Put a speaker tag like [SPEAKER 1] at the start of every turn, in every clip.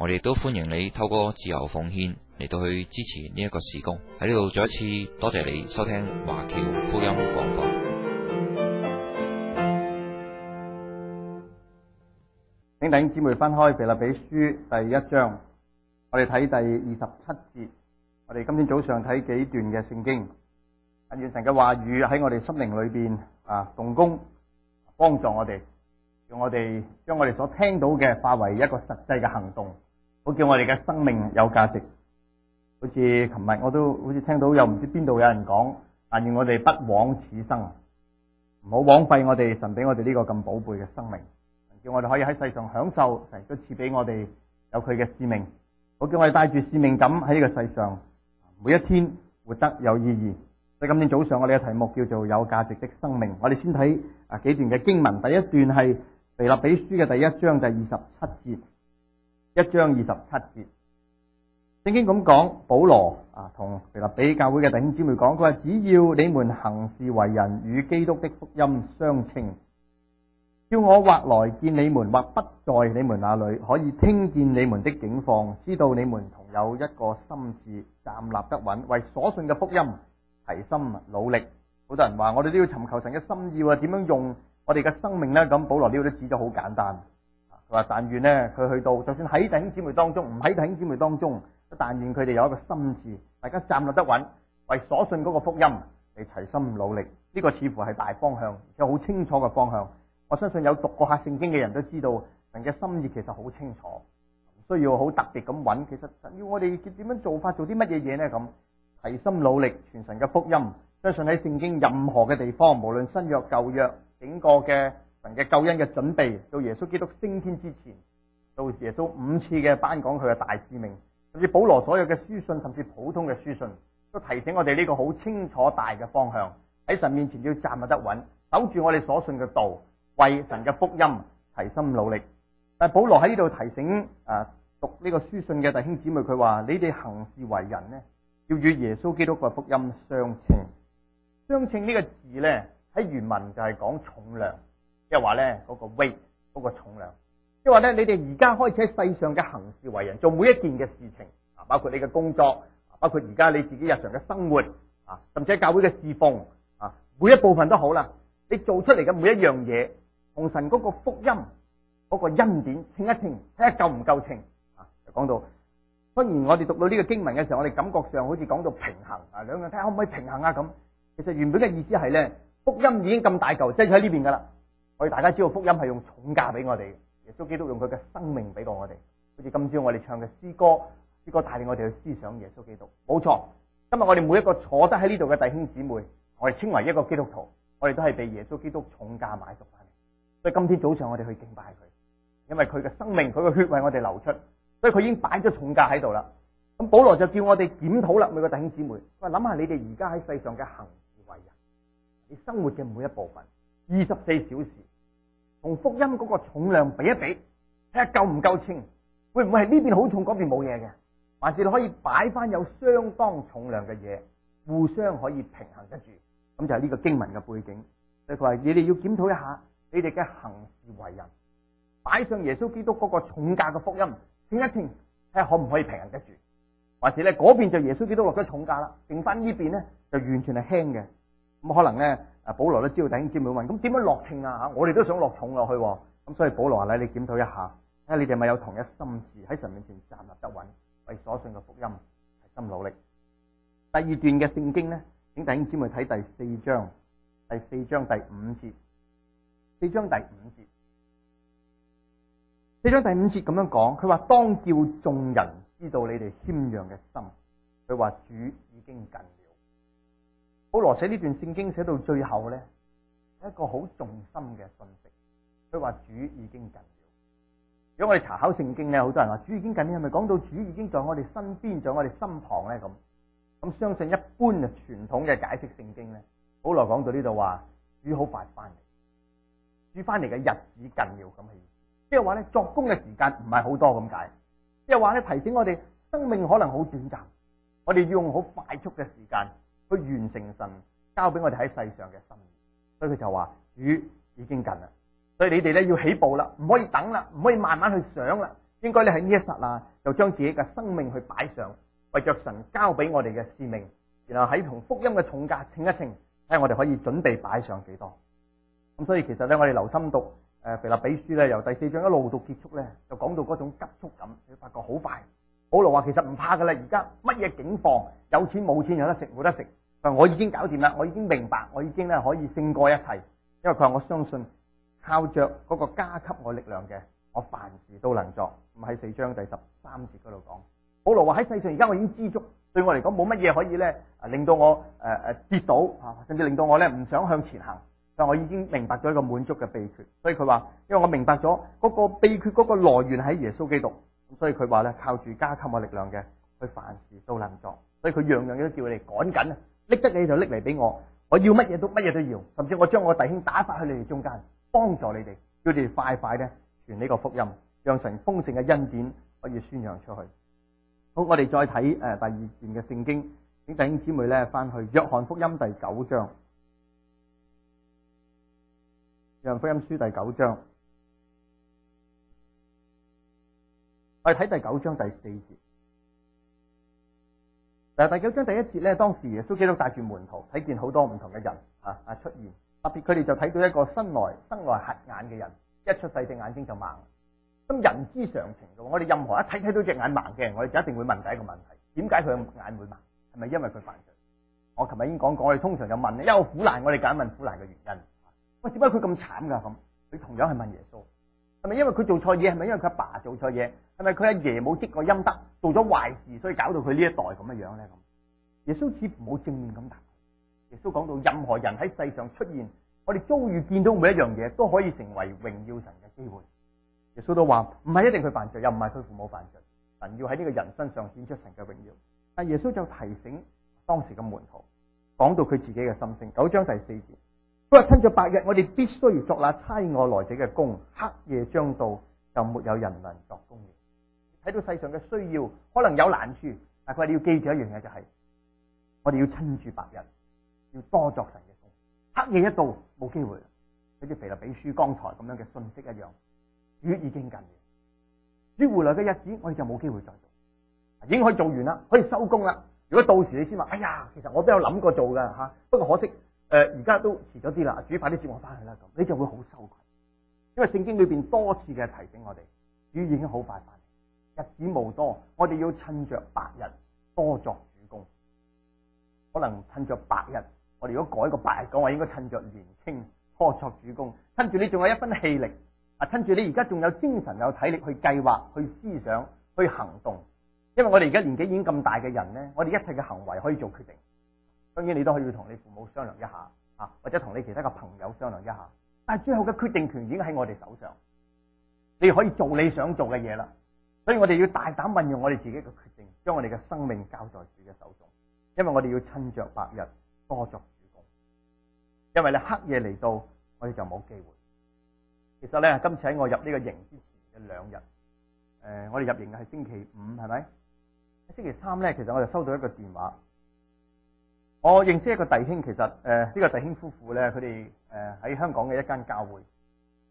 [SPEAKER 1] 我哋都歡迎你透過自由奉獻嚟到去支持呢一個事工喺呢度。再一次多謝你收聽華僑福音廣播。弟兄姊妹分開，腓立比書第一章，我哋睇第二十七節。我哋今天早上睇幾段嘅聖經，願神嘅話語喺我哋心靈裏邊啊動工，幫助我哋，用我哋將我哋所聽到嘅化為一個實際嘅行動。好叫我哋嘅生命有價值，好似琴日我都好似聽到有唔知邊度有人講，但願我哋不枉此生，唔好枉費我哋神俾我哋呢個咁寶貝嘅生命，叫我哋可以喺世上享受神都賜俾我哋有佢嘅使命，好叫我哋帶住使命感喺呢個世上，每一天活得有意義。所以今天早上我哋嘅題目叫做有價值的生命，我哋先睇啊幾段嘅經文，第一段係腓立比書嘅第一章第二十七節。就是一章二十七節聖經咁講，保羅啊同腓立比教會嘅弟兄姊妹講，佢話只要你們行事為人與基督的福音相稱，叫我或來見你們，或不在你們那裡，可以聽見你們的景況，知道你們同有一個心志，站立得穩，為所信嘅福音提心努力。好多人話我哋都要尋求神嘅心意點樣用我哋嘅生命呢？咁保羅呢度都指咗好簡單。但願呢，佢去到就算喺弟兄姊妹當中，唔喺弟兄姊妹當中，但願佢哋有一個心志，大家站立得穩，為所信嗰個福音嚟齊心努力。呢、這個似乎係大方向，而且好清楚嘅方向。我相信有讀過下聖經嘅人都知道，神嘅心意其實好清楚，唔需要好特別咁揾。其實要我哋點樣做法，做啲乜嘢嘢呢？咁齊心努力傳神嘅福音，相信喺聖經任何嘅地方，無論新約舊約，整個嘅。嘅救恩嘅準備，到耶穌基督升天之前，到時耶穌五次嘅頒講佢嘅大使命，甚至保羅所有嘅書信，甚至普通嘅書信，都提醒我哋呢個好清楚大嘅方向，喺神面前要站立得穩，守住我哋所信嘅道，為神嘅福音提心努力。但保羅喺呢度提醒誒、啊、讀呢個書信嘅弟兄姊妹，佢話，你哋行事為人呢，要與耶穌基督嘅福音相稱相稱呢個字咧喺原文就係講重量。即係話咧，嗰個 weight，嗰個重量。即係話咧，你哋而家開始喺世上嘅行事為人，做每一件嘅事情啊，包括你嘅工作，包括而家你自己日常嘅生活啊，甚至係教會嘅侍奉啊，每一部分都好啦。你做出嚟嘅每一樣嘢，同神嗰個福音嗰個恩典稱一稱，睇下夠唔夠稱啊。講到雖然我哋讀到呢個經文嘅時候，我哋感覺上好似講到平衡啊，兩樣睇下可唔可以平衡啊？咁其實原本嘅意思係咧，福音已經咁大嚿，擠喺呢邊噶啦。我哋大家知道福音係用重價俾我哋，耶穌基督用佢嘅生命俾過我哋。好似今朝我哋唱嘅詩歌，詩歌帶領我哋去思想耶穌基督。冇錯，今日我哋每一個坐得喺呢度嘅弟兄姊妹，我哋稱為一個基督徒，我哋都係被耶穌基督重價買贖翻嚟。所以今天早上我哋去敬拜佢，因為佢嘅生命、佢嘅血為我哋流出，所以佢已經擺咗重價喺度啦。咁保羅就叫我哋檢討啦，每個弟兄姊妹，喂，諗下你哋而家喺世上嘅行事為人，你生活嘅每一部分，二十四小時。同福音嗰個重量比一比，睇下夠唔夠稱，會唔會係呢邊好重，嗰邊冇嘢嘅，還是你可以擺翻有相當重量嘅嘢，互相可以平衡得住。咁就係呢個經文嘅背景。所以佢話：你哋要檢討一下你哋嘅行事為人，擺上耶穌基督嗰個重價嘅福音，稱一稱，睇下可唔可以平衡得住，或者咧嗰邊就耶穌基督落咗重價啦，剩翻呢邊咧就完全係輕嘅。咁可能咧，阿保羅都知道弟兄姊妹問，咁點樣落秤啊？吓，我哋都想落重落去，啊，咁所以保羅話：咧你檢討一下，睇下你哋係咪有同一心志，喺神面前站立得穩，為所信嘅福音齊心努力。第二段嘅聖經咧，請弟兄姊妹睇第四章，第四章第五節，四章第五節，四章第五節咁樣講，佢話當叫眾人知道你哋謙讓嘅心，佢話主已經近。保羅寫呢段聖經寫到最後咧，係一個好重心嘅信息。佢話主已經近了。如果我哋查考聖經咧，好多人話主已經近了，係咪講到主已經在我哋身邊，在我哋身旁咧？咁咁相信一般嘅傳統嘅解釋聖經咧，保羅講到呢度話主好快翻嚟，主翻嚟嘅日子近了咁樣，即係話咧作工嘅時間唔係好多咁解，即係話咧提醒我哋生命可能好短暫，我哋要用好快速嘅時間。佢完成神交俾我哋喺世上嘅心意，所以佢就話雨已經近啦，所以你哋咧要起步啦，唔可以等啦，唔可以慢慢去想啦，應該咧喺呢一剎那就將自己嘅生命去擺上，為着神交俾我哋嘅使命，然後喺同福音嘅重價，稱一稱睇下我哋可以準備擺上幾多。咁所以其實咧我哋留心讀誒腓立比書咧由第四章一路讀結束咧，就講到嗰種急速感，你發覺好快。保羅話：其實唔怕噶啦，而家乜嘢境況，有錢冇錢，有得食冇得食，但我已經搞掂啦，我已經明白，我已經咧可以勝過一切。因為佢話我相信，靠着嗰個加給我力量嘅，我凡事都能做。咁喺四章第十三節嗰度講，保羅話喺世上，而家我已經知足，對我嚟講冇乜嘢可以咧令到我誒誒、呃、跌倒啊，甚至令到我咧唔想向前行。但我已經明白咗一個滿足嘅秘訣，所以佢話，因為我明白咗嗰個秘訣嗰個來源喺耶穌基督。所以佢話咧，靠住加給我力量嘅，佢凡事都能做。所以佢樣樣都叫你趕緊啊，拎得你就拎嚟俾我，我要乜嘢都乜嘢都要，甚至我將我弟兄打發去你哋中間，幫助你哋，叫你哋快快咧傳呢個福音，讓神豐盛嘅恩典可以宣揚出去。好，我哋再睇誒第二段嘅聖經，請弟兄姊妹咧翻去約翰福音第九章，約翰福音書第九章。再睇第九章第四節。嗱，第九章第一節咧，當時耶穌基督帶住門徒睇見好多唔同嘅人啊啊出現，特別佢哋就睇到一個生來生來瞎眼嘅人，一出世隻眼睛就盲。咁人之常情嘅，我哋任何一睇睇到隻眼盲嘅人，我哋就一定會問第一個問題：點解佢眼會盲？係咪因為佢犯罪？我琴日已經講過，我哋通常就問，因為苦難，我哋揀問苦難嘅原因。喂，點解佢咁慘噶？咁佢同樣係問耶穌。係咪因為佢做錯嘢？係咪因為佢阿爸做錯嘢？係咪佢阿爺冇積過陰德，做咗壞事，所以搞到佢呢一代咁嘅樣咧？咁耶穌似乎冇正面咁答。耶穌講到任何人喺世上出現，我哋遭遇見到每一樣嘢，都可以成為榮耀神嘅機會。耶穌都話唔係一定佢犯罪，又唔係佢父母犯罪，神要喺呢個人身上顯出神嘅榮耀。但耶穌就提醒當時嘅門徒，講到佢自己嘅心聲，九章第四節。不係趁住白日，我哋必須要作那差外來者嘅功。黑夜將到，就沒有人能作功嘅。睇到世上嘅需要，可能有難處，但係你要記住一樣嘢就係、是，我哋要趁住白日，要多作神嘅功。黑夜一到，冇機會啦。好似肥立比書剛才咁樣嘅信息一樣，月已經近，雨回來嘅日子，我哋就冇機會做。已經可以做完啦，可以收工啦。如果到時你先話，哎呀，其實我都有諗過做噶吓，不過可惜。誒，而家、呃、都遲咗啲啦，主快啲接我翻去啦咁，你就會好羞愧，因為聖經裏邊多次嘅提醒我哋，主已經好快翻嚟，日子無多，我哋要趁着白日多作主工。可能趁着白日，我哋如果改個白日講話，應該趁着年青多作主工。趁住你仲有一分氣力，啊，趁住你而家仲有精神有體力去計劃、去思想、去行動，因為我哋而家年紀已經咁大嘅人咧，我哋一切嘅行為可以做決定。當然你都可以同你父母商量一下，啊，或者同你其他嘅朋友商量一下，但係最後嘅決定權已經喺我哋手上，你可以做你想做嘅嘢啦。所以我哋要大膽運用我哋自己嘅決定，將我哋嘅生命交在自己嘅手中，因為我哋要趁着白日多作主工，因為咧黑夜嚟到我哋就冇機會。其實咧今次喺我入呢個營之前嘅兩日，誒、呃、我哋入營嘅係星期五係咪？喺星期三咧，其實我就收到一個電話。我認識一個弟兄，其實誒呢個弟兄夫婦咧，佢哋誒喺香港嘅一間教會，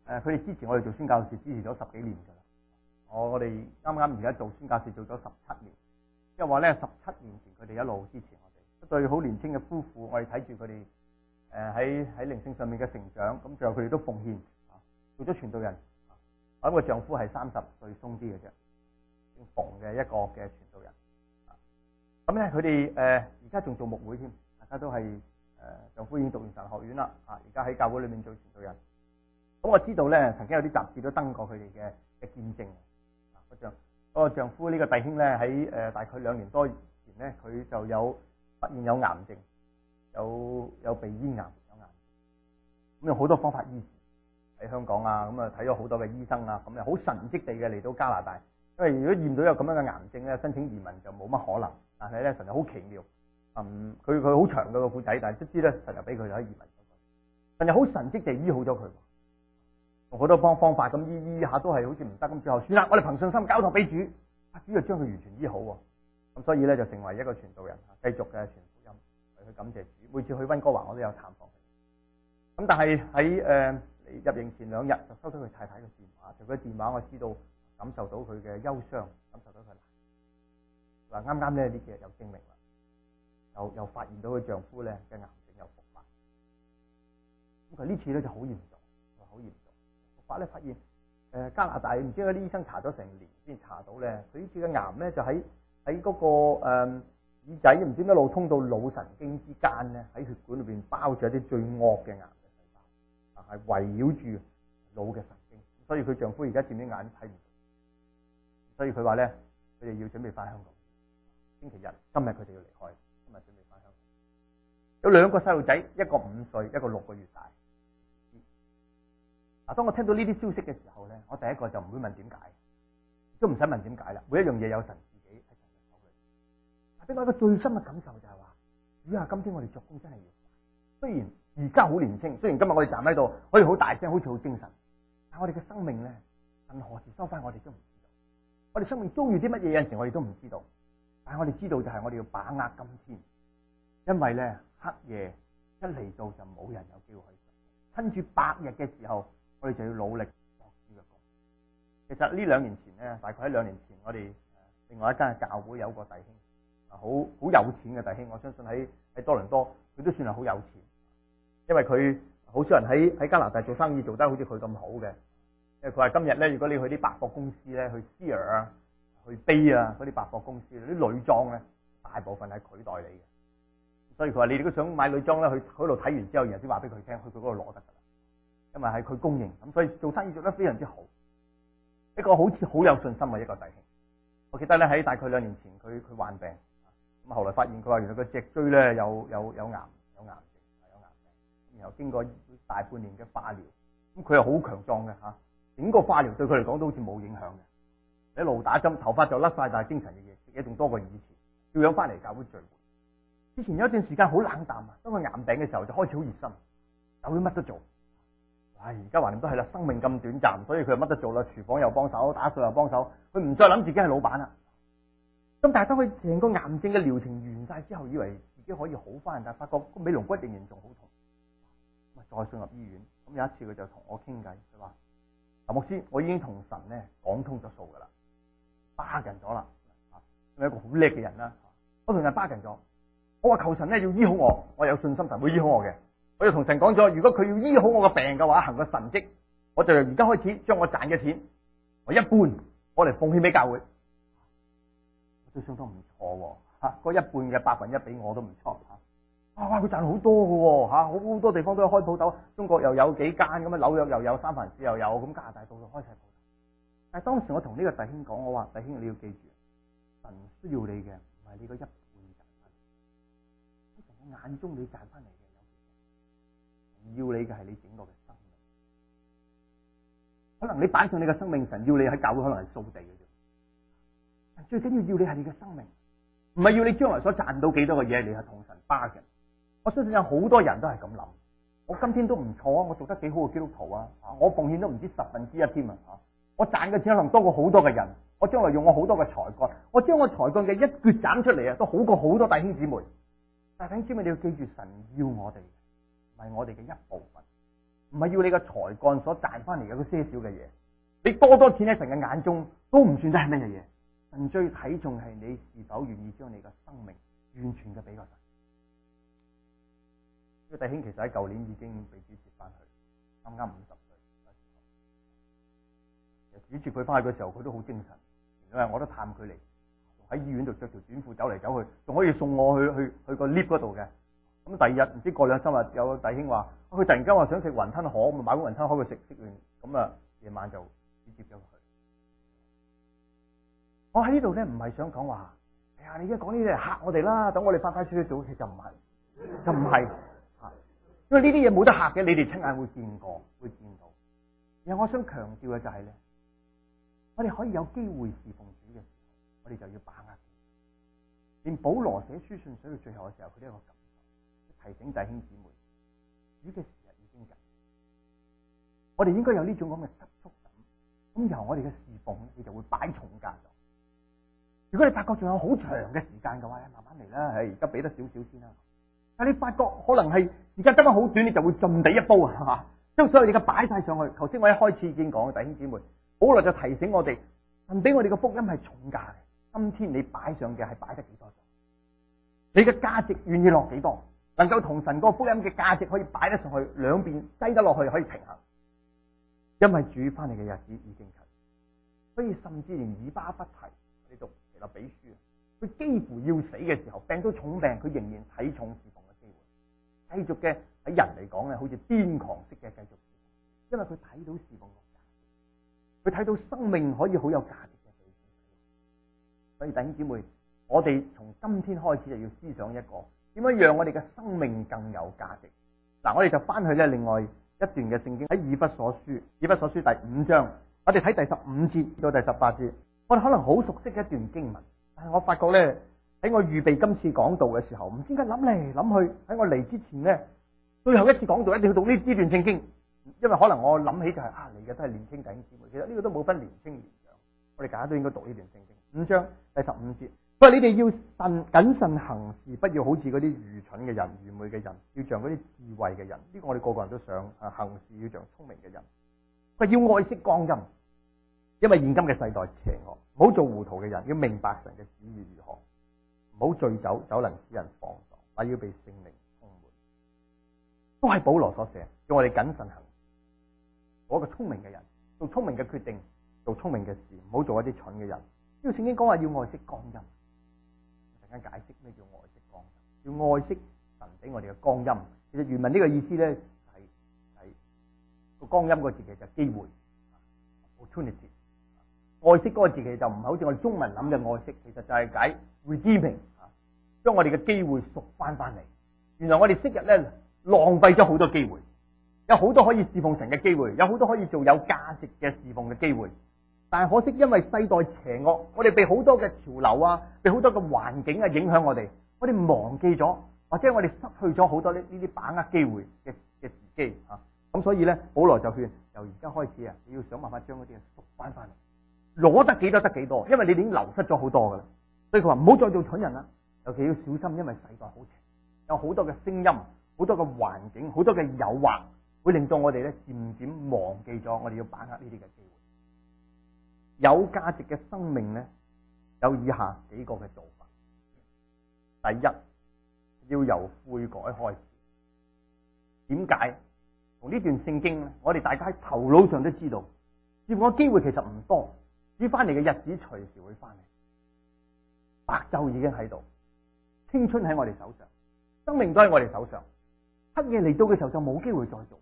[SPEAKER 1] 誒佢哋支持我哋做宣教士，支持咗十幾年㗎喇。我我哋啱啱而家做宣教士做咗十七年，即係話咧十七年前佢哋一路支持我哋，一對好年輕嘅夫婦，我哋睇住佢哋誒喺喺靈性上面嘅成長，咁最後佢哋都奉獻，做咗傳道人。我諗個丈夫係三十歲鬆啲嘅啫，姓馮嘅一個嘅傳道人。咁咧佢哋誒而家仲做牧會添。佢都係誒、呃、丈夫已經讀完神學院啦，啊！而家喺教會裏面做傳道人。咁我知道咧，曾經有啲雜誌都登過佢哋嘅嘅見證。個丈嗰個丈夫呢、呢個弟兄咧，喺誒、呃、大概兩年多以前咧，佢就有發現、呃、有癌症，有有鼻咽癌。有癌咁有好多方法醫治喺香港啊，咁啊睇咗好多嘅醫生啊，咁又好神蹟地嘅嚟到加拿大。因為如果驗到有咁樣嘅癌症咧，申請移民就冇乜可能。但係咧，神就好奇妙。嗯，佢佢好長嘅個故仔，但係卒之咧，神日俾佢喺移民，但又好神蹟地醫好咗佢，用好多方方法咁醫醫下都係好似唔得，咁之後算啦，我哋憑信心交託俾主，啊主就將佢完全醫好，咁所以咧就成為一個傳道人，繼續嘅傳福音，去感謝主。每次去溫哥華，我都有探訪佢，咁但係喺誒入營前兩日就收咗佢太太嘅電話，除咗電話我知道，感受到佢嘅憂傷，感受到佢嗱，啱啱呢啲日又清明啦。又又發現到佢丈夫咧嘅癌症有復發，咁佢呢次咧就好嚴重，好嚴重復發咧。發現誒加拿大唔知嗰啲醫生查咗成年先查到咧，佢呢次嘅癌咧就喺喺嗰個、呃、耳仔，唔知點一路通到腦神經之間咧，喺血管裏邊包住一啲最惡嘅癌嘅細胞，但係圍繞住腦嘅神經，所以佢丈夫而家點啲眼睇唔到，所以佢話咧佢哋要準備翻香港，星期日今日佢哋要離開。有兩個細路仔，一個五歲，一個六個月大。嗱，當我聽到呢啲消息嘅時候咧，我第一個就唔會問點解，都唔使問點解啦。每一樣嘢有神自己，喺神嘅手裏。但俾我一個最深嘅感受就係、是、話，主啊，今天我哋作工真係要快。雖然而家好年輕，雖然今日我哋站喺度可以好大聲，好似好精神，但係我哋嘅生命咧，任何時候收翻我哋都唔知道。我哋生命中意啲乜嘢，有陣時我哋都唔知道。但係我哋知道就係我哋要把握今天。因為咧黑夜一嚟到就冇人有機會去。趁住白日嘅時候，我哋就要努力博取一個。其實呢兩年前咧，大概喺兩年前，我哋另外一間教會有個弟兄啊，好好有錢嘅弟兄，我相信喺喺多倫多，佢都算係好有錢，因為佢好少人喺喺加拿大做生意做得好似佢咁好嘅。因為佢話今日咧，如果你去啲百貨公司咧，去 Sears 啊、去 Bay 啊嗰啲百貨公司，啲女裝咧，大部分係佢代理嘅。所以佢話：你哋都想買女裝咧，去嗰度睇完之後，然後先話俾佢聽，佢去佢嗰度攞得㗎啦。因為喺佢供應，咁所以做生意做得非常之好。一個好似好有信心嘅一個弟兄，我記得咧喺大概兩年前，佢佢患病，咁後來發現佢話原來個脊椎咧有有有癌，有癌症，有癌，有癌。然後經過大半年嘅化療，咁佢又好強壯嘅嚇，整個化療對佢嚟講都好似冇影響嘅。一路打針，頭髮就甩晒，但係精神嘅嘢，食嘢仲多過以前，照樣翻嚟教會聚會。以前有一段時間好冷淡啊，當佢癌病嘅時候就開始好熱心，有乜都做。唉，而家橫掂都係啦，生命咁短暫，所以佢又乜都做啦，廚房又幫手，打掃又幫手，佢唔再諗自己係老闆啦。咁但係當佢成個癌症嘅療程完晒之後，以為自己可以好翻，但係發覺個尾龍骨仍然仲好痛，咪再送入醫院。咁有一次佢就同我傾偈，佢話：阿牧師，我已經同神咧講通咗數噶啦，巴勁咗啦，係一個好叻嘅人啦，我同佢巴勁咗。我話求神咧要醫好我，我有信心神會醫好我嘅。我又同神講咗，如果佢要醫好我個病嘅話，行個神蹟，我就由而家開始將我賺嘅錢，我一半攞嚟奉獻俾教會。我都相當唔錯喎，吓、啊、嗰一半嘅百分一俾我都唔錯吓、啊。哇，佢賺好多㗎喎，吓、啊、好多地方都有開鋪頭，中國又有幾間咁啊，紐約又有，三藩市又有，咁加拿大到處開晒鋪頭。但係當時我同呢個弟兄講，我話弟兄你要記住，神需要你嘅，唔係呢個一。眼中你賺翻嚟嘅，有要你嘅係你整個嘅生命。可能你擺上你嘅生命神，要你喺教會可能係掃地嘅啫。最緊要要你係你嘅生命，唔係要你將來所賺到幾多個嘢，你係同神巴嘅。我相信有好多人都係咁諗。我今天都唔錯啊，我做得幾好嘅基督徒啊，我奉獻都唔知十分之一添啊。我賺嘅錢可能多過好多嘅人，我將來用我好多嘅才幹，我將我才幹嘅一決斬出嚟啊，都好過好多弟兄姊妹。但係弟兄，你要記住，神要我哋，唔係我哋嘅一部分，唔係要你嘅才幹所賺翻嚟嘅嗰些少嘅嘢。你多多錢喺神嘅眼中都唔算得係乜嘢嘢。神最睇重係你是否願意將你嘅生命完全嘅俾個神。呢、這個弟兄其實喺舊年已經被主接翻去，啱啱五十歲，主接佢翻去嘅時候，佢都好精神，因為我都探佢嚟。喺醫院度着條短褲走嚟走去，仲可以送我去去去個 lift 嗰度嘅。咁第二日唔知過兩三日，有個弟兄話佢突然間話想食雲吞河，咁可買碗雲吞開佢食？食完咁啊，夜晚就直接入去。我喺呢度咧，唔係想講話，哎呀，你而家講呢啲嚟嚇我哋啦，等我哋快快脆脆做，其實就唔係，就唔係，吓，因為呢啲嘢冇得吓嘅，你哋親眼會見過，會見到。然後我想強調嘅就係、是、咧，我哋可以有機會侍奉。我哋就要把握住，連保羅寫書信寫到最後嘅時候，佢都有個感受，提醒弟兄姊妹，呢個時日已經近，我哋應該有呢種咁嘅急促感。咁由我哋嘅侍奉，你就會擺重價咗。如果你發覺仲有好長嘅時間嘅話，慢慢嚟啦，而家俾得少少先啦。但你發覺可能係而家得翻好短，你就會盡地一煲啊，係將所有嘢嘅擺晒上去。頭先我一開始已經講，弟兄姊妹，保羅就提醒我哋，唔俾我哋嘅福音係重價今天你擺上嘅係擺得幾多？你嘅價值願意落幾多？能夠同神個福音嘅價值可以擺得上去，兩邊擠得落去可以平衡。因為主翻嚟嘅日子已經近，所以甚至連以巴弗提，你讀就俾書。佢幾乎要死嘅時候，病到重病，佢仍然睇重事奉嘅機會，繼續嘅喺人嚟講咧，好似癲狂式嘅繼續事奉。因為佢睇到事奉嘅價值，佢睇到生命可以好有價值。所以弟兄姊妹，我哋從今天開始就要思想一個，點樣讓我哋嘅生命更有價值。嗱，我哋就翻去咧，另外一段嘅聖經喺以弗所書，以弗所書第五章，我哋睇第十五節到第十八節。我哋可能好熟悉一段經文，但係我發覺咧，喺我預備今次講道嘅時候，唔知點解諗嚟諗去，喺我嚟之前咧，最後一次講道一定要讀呢段聖經，因為可能我諗起就係啊，你嘅都係年青弟兄姊妹，其實呢個都冇分年青年。我哋大家都應該讀呢段聖經，五章第十五節，佢話你哋要慎謹慎行事，不要好似嗰啲愚蠢嘅人、愚昧嘅人，要像嗰啲智慧嘅人。呢、這個我哋個個人都想，啊行事要像聰明嘅人。佢要愛惜光陰，因為現今嘅世代邪惡，唔好做糊塗嘅人，要明白神嘅旨意如何，唔好醉酒，酒能使人放蕩，我要被聖靈充滿。都係保羅所寫，叫我哋謹慎行事，做一個聰明嘅人，做聰明嘅決定。做聰明嘅事，唔好做一啲蠢嘅人。因為聖經講話要愛惜光陰，我陣間解釋咩叫愛惜光陰。要愛惜神俾我哋嘅光陰。其實原文呢個意思咧係係個光陰個字其實就機會 （opportunity）。愛惜嗰個字其實就唔係好似我哋中文諗嘅愛惜，其實就係解 （redeeming） 將我哋嘅機會贖翻翻嚟。原來我哋昔日咧浪費咗好多機會，有好多可以侍奉神嘅機會，有好多可以做有價值嘅侍奉嘅機會。但係可惜，因為世代邪惡，我哋被好多嘅潮流啊，被好多嘅環境啊影響我哋，我哋忘記咗，或者我哋失去咗好多呢呢啲把握機會嘅嘅時機吓。咁、啊、所以咧，保羅就勸由而家開始啊，你要想辦法將嗰啲嘢縮翻翻嚟，攞得幾多得幾多，因為你已經流失咗好多噶啦。所以佢話唔好再做蠢人啦，尤其要小心，因為世代好邪，有好多嘅聲音、好多嘅環境、好多嘅誘惑，會令到我哋咧漸漸忘記咗我哋要把握呢啲嘅機會。有價值嘅生命咧，有以下幾個嘅做法。第一，要由悔改開始。點解？從呢段聖經咧，我哋大家喺頭腦上都知道，接我嘅機會其實唔多，轉翻嚟嘅日子隨時會翻嚟。白晝已經喺度，青春喺我哋手上，生命都喺我哋手上。黑夜嚟到嘅時候就冇機會再做。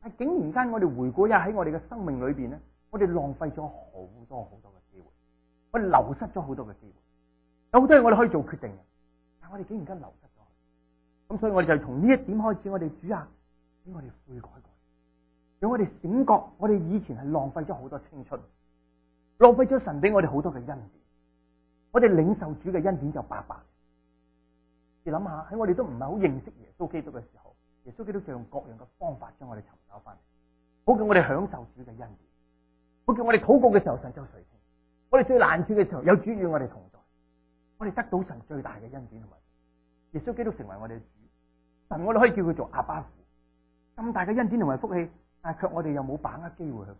[SPEAKER 1] 但係竟然間我哋回顧一下喺我哋嘅生命裏邊咧。我哋浪費咗好多好多嘅機會，我哋流失咗好多嘅機會，有好多嘢我哋可以做決定嘅，但我哋竟然咁流失咗，咁所以我哋就從呢一點開始，我哋主啊，俾我哋悔改過嚟，俾我哋醒覺，我哋以前係浪費咗好多青春，浪費咗神俾我哋好多嘅恩典，我哋領受主嘅恩典就白白。你諗下喺我哋都唔係好認識耶穌基督嘅時候，耶穌基督就用各樣嘅方法將我哋尋找翻嚟，好叫我哋享受主嘅恩典。佢叫我哋禱告嘅時候，神就垂聽；我哋最難處嘅時候，有主與我哋同在。我哋得到神最大嘅恩典同埋，耶穌基督成為我哋嘅主。但我哋可以叫佢做阿爸父。咁大嘅恩典同埋福氣，但係卻我哋又冇把握機會去。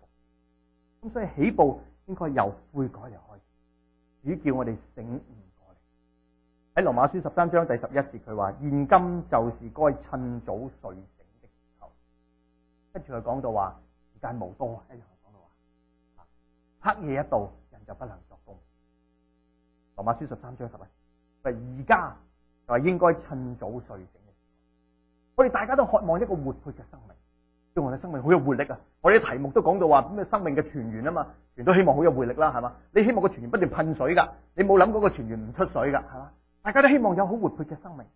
[SPEAKER 1] 咁所以起步應該由悔改嚟開始，主叫我哋醒悟過嚟。喺羅馬書十三章第十一節，佢話：現今就是該趁早睡醒的時候。跟住佢講到話：時間無多、啊。黑夜一到，人就不能作工。羅馬書十三章十一，就而家就係應該趁早睡醒嘅時候。我哋大家都渴望一個活潑嘅生命，叫我哋生命好有活力啊！我哋啲題目都講到話咩生命嘅泉源啊嘛，全都希望好有活力啦，係嘛？你希望個泉源不斷噴水噶，你冇諗嗰個泉源唔出水噶，係嘛？大家都希望有好活潑嘅生命，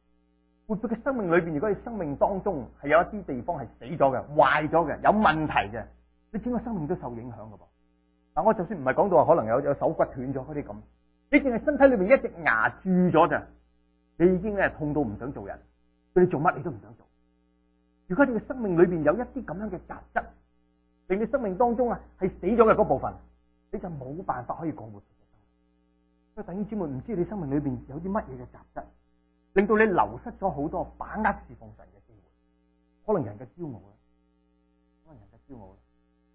[SPEAKER 1] 活潑嘅生命裏邊，如果你生命當中係有一啲地方係死咗嘅、壞咗嘅、有問題嘅，你整個生命都受影響噶噃。嗱，我就算唔係講到話，可能有有手骨斷咗嗰啲咁，你淨係身體裏邊一隻牙蛀咗咋，你已經係痛到唔想做人，對你做乜你都唔想做。如果你嘅生命裏邊有一啲咁樣嘅雜質，令你生命當中啊係死咗嘅嗰部分，你就冇辦法可以降活。所以等於姊妹唔知你生命裏邊有啲乜嘢嘅雜質，令到你流失咗好多把握侍奉神嘅機會。可能人嘅驕傲啦，可能人嘅驕傲啦，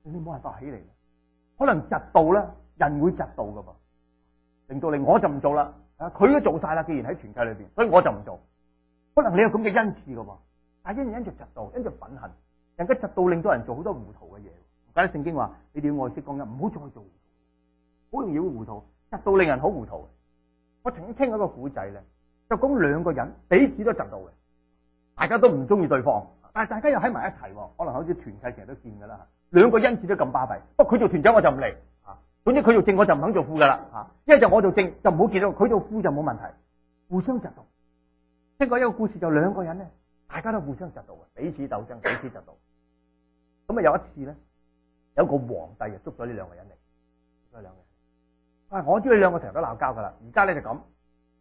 [SPEAKER 1] 你冇辦法起嚟。可能嫉妒啦，人會嫉妒噶噃，令到你我就唔做啦。啊，佢都做晒啦，既然喺團契裏邊，所以我就唔做。可能你有咁嘅恩賜噶噃，但係因人因著嫉妒，因著品行，人家嫉妒令到人做好多糊塗嘅嘢。而家啲聖經話，你哋要愛惜光陰，唔好再做糊塗，好容易會糊塗。嫉妒令人好糊塗。我曾經聽一個古仔咧，就講兩個人彼此都嫉妒嘅，大家都唔中意對方，但係大家又喺埋一齊，可能好似團契成日都見噶啦。兩個恩賜都咁巴閉，不過，佢做團長我就唔嚟。總之佢做正我就唔肯做副噶啦。因為就我做正就唔好見到佢做副就冇問題，互相嫉妒。聽過一個故事就兩個人咧，大家都互相嫉妒嘅，彼此鬥爭，彼此嫉妒。咁啊有一次咧，有個皇帝就捉咗呢兩個人嚟，捉咗兩個人。啊、哎，我知你兩個成日都鬧交噶啦，而家咧就咁，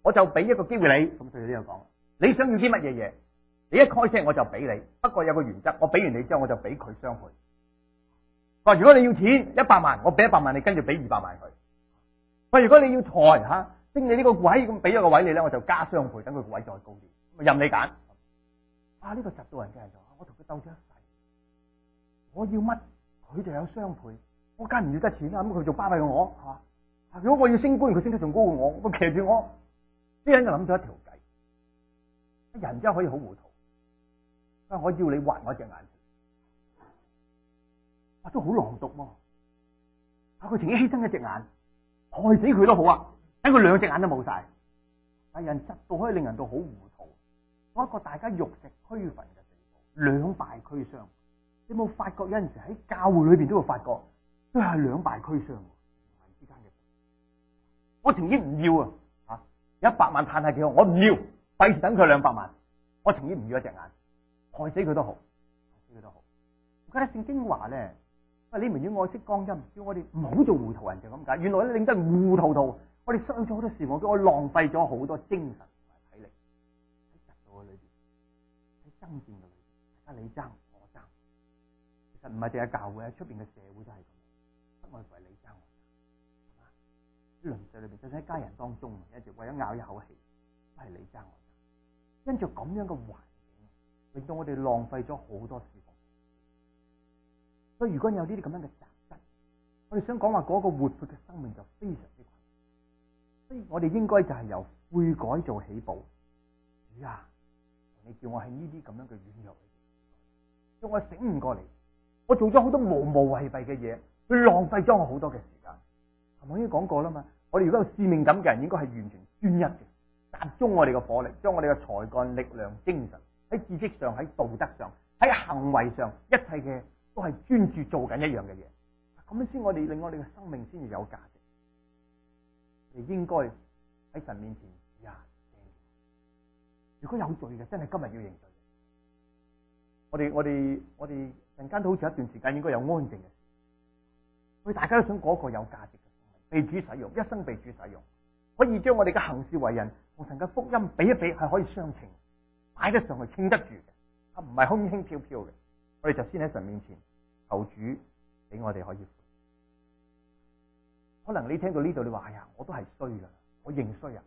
[SPEAKER 1] 我就俾一個機會你。咁對住呢度講，你想要啲乜嘢嘢，你一開聲我就俾你。不過有個原則，我俾完你之後我就俾佢雙倍。話如果你要錢一百萬，我俾一百萬，你跟住俾二百萬佢。喂，如果你要財吓升你呢個位咁俾一個位你咧，我就加雙倍，等佢位再高啲，咪任你揀。啊呢、這個嫉妒人嘅人就我同佢鬥咗一世，我要乜佢就有雙倍，我梗唔要得錢啦。咁佢就巴閉我吓、啊，如果我要升官，佢升得仲高過我，我騎住我，啲、啊、人就諗咗一條計。人真係可以好糊塗，啊我要你還我隻眼。都好狼毒喎！啊，佢情願犧牲一隻眼，害死佢都好啊！等佢兩隻眼都冇晒，但人執到可以令人到好糊塗，我一個大家玉石俱焚嘅地步，兩敗俱傷。你有冇發覺有陣時喺教會裏邊都會發覺，都係兩敗俱傷。俱我情願唔要啊！吓、啊，一百萬嘆下氣我唔要，費事等佢兩百萬，我情願唔要一隻眼，害死佢都好，死佢都好。我覺得聖經話咧。喂，呢門要愛惜光陰，叫我哋唔好做糊塗人就咁解。原來你令到人糊塗塗，我哋傷咗好多時光，我，我浪費咗好多精神同埋體力喺神道嘅裏邊，喺爭戰嘅裏邊，得你爭我爭，其實唔係淨係教會喺出邊嘅社會都係咁，不外乎你爭我爭。喺鄰舍裏邊，甚至喺家人當中，一直為咗咬一口氣，都係你爭我爭。因着咁樣嘅環境，令到我哋浪費咗好多時所以，如果你有呢啲咁樣嘅雜質，我哋想講話嗰個活潑嘅生命就非常之困難。所以我哋應該就係由悔改做起步。呀，你叫我喺呢啲咁樣嘅軟弱，叫我醒唔過嚟，我做咗好多無無謂謂嘅嘢，浪費咗我好多嘅時間。頭先講過啦嘛，我哋如果有使命感嘅人，應該係完全專一嘅，集中我哋嘅火力，將我哋嘅才幹、力量、精神喺知識上、喺道德上、喺行為上一切嘅。都係專注做緊一樣嘅嘢，咁樣先我哋令我哋嘅生命先至有價值，係應該喺神面前。如果有罪嘅，真係今日要認罪。我哋我哋我哋陣間都好似一段時間應該有安靜嘅，我哋大家都想嗰個有價值嘅被主使用，一生被主使用，可以將我哋嘅行事為人同神嘅福音比一比，係可以相稱，擺得上去稱得住嘅，唔係空輕飄飄嘅。我哋就先喺神面前，求主俾我哋可以。可能你聽到呢度，你話，哎呀，我都係衰噶，我認衰呀，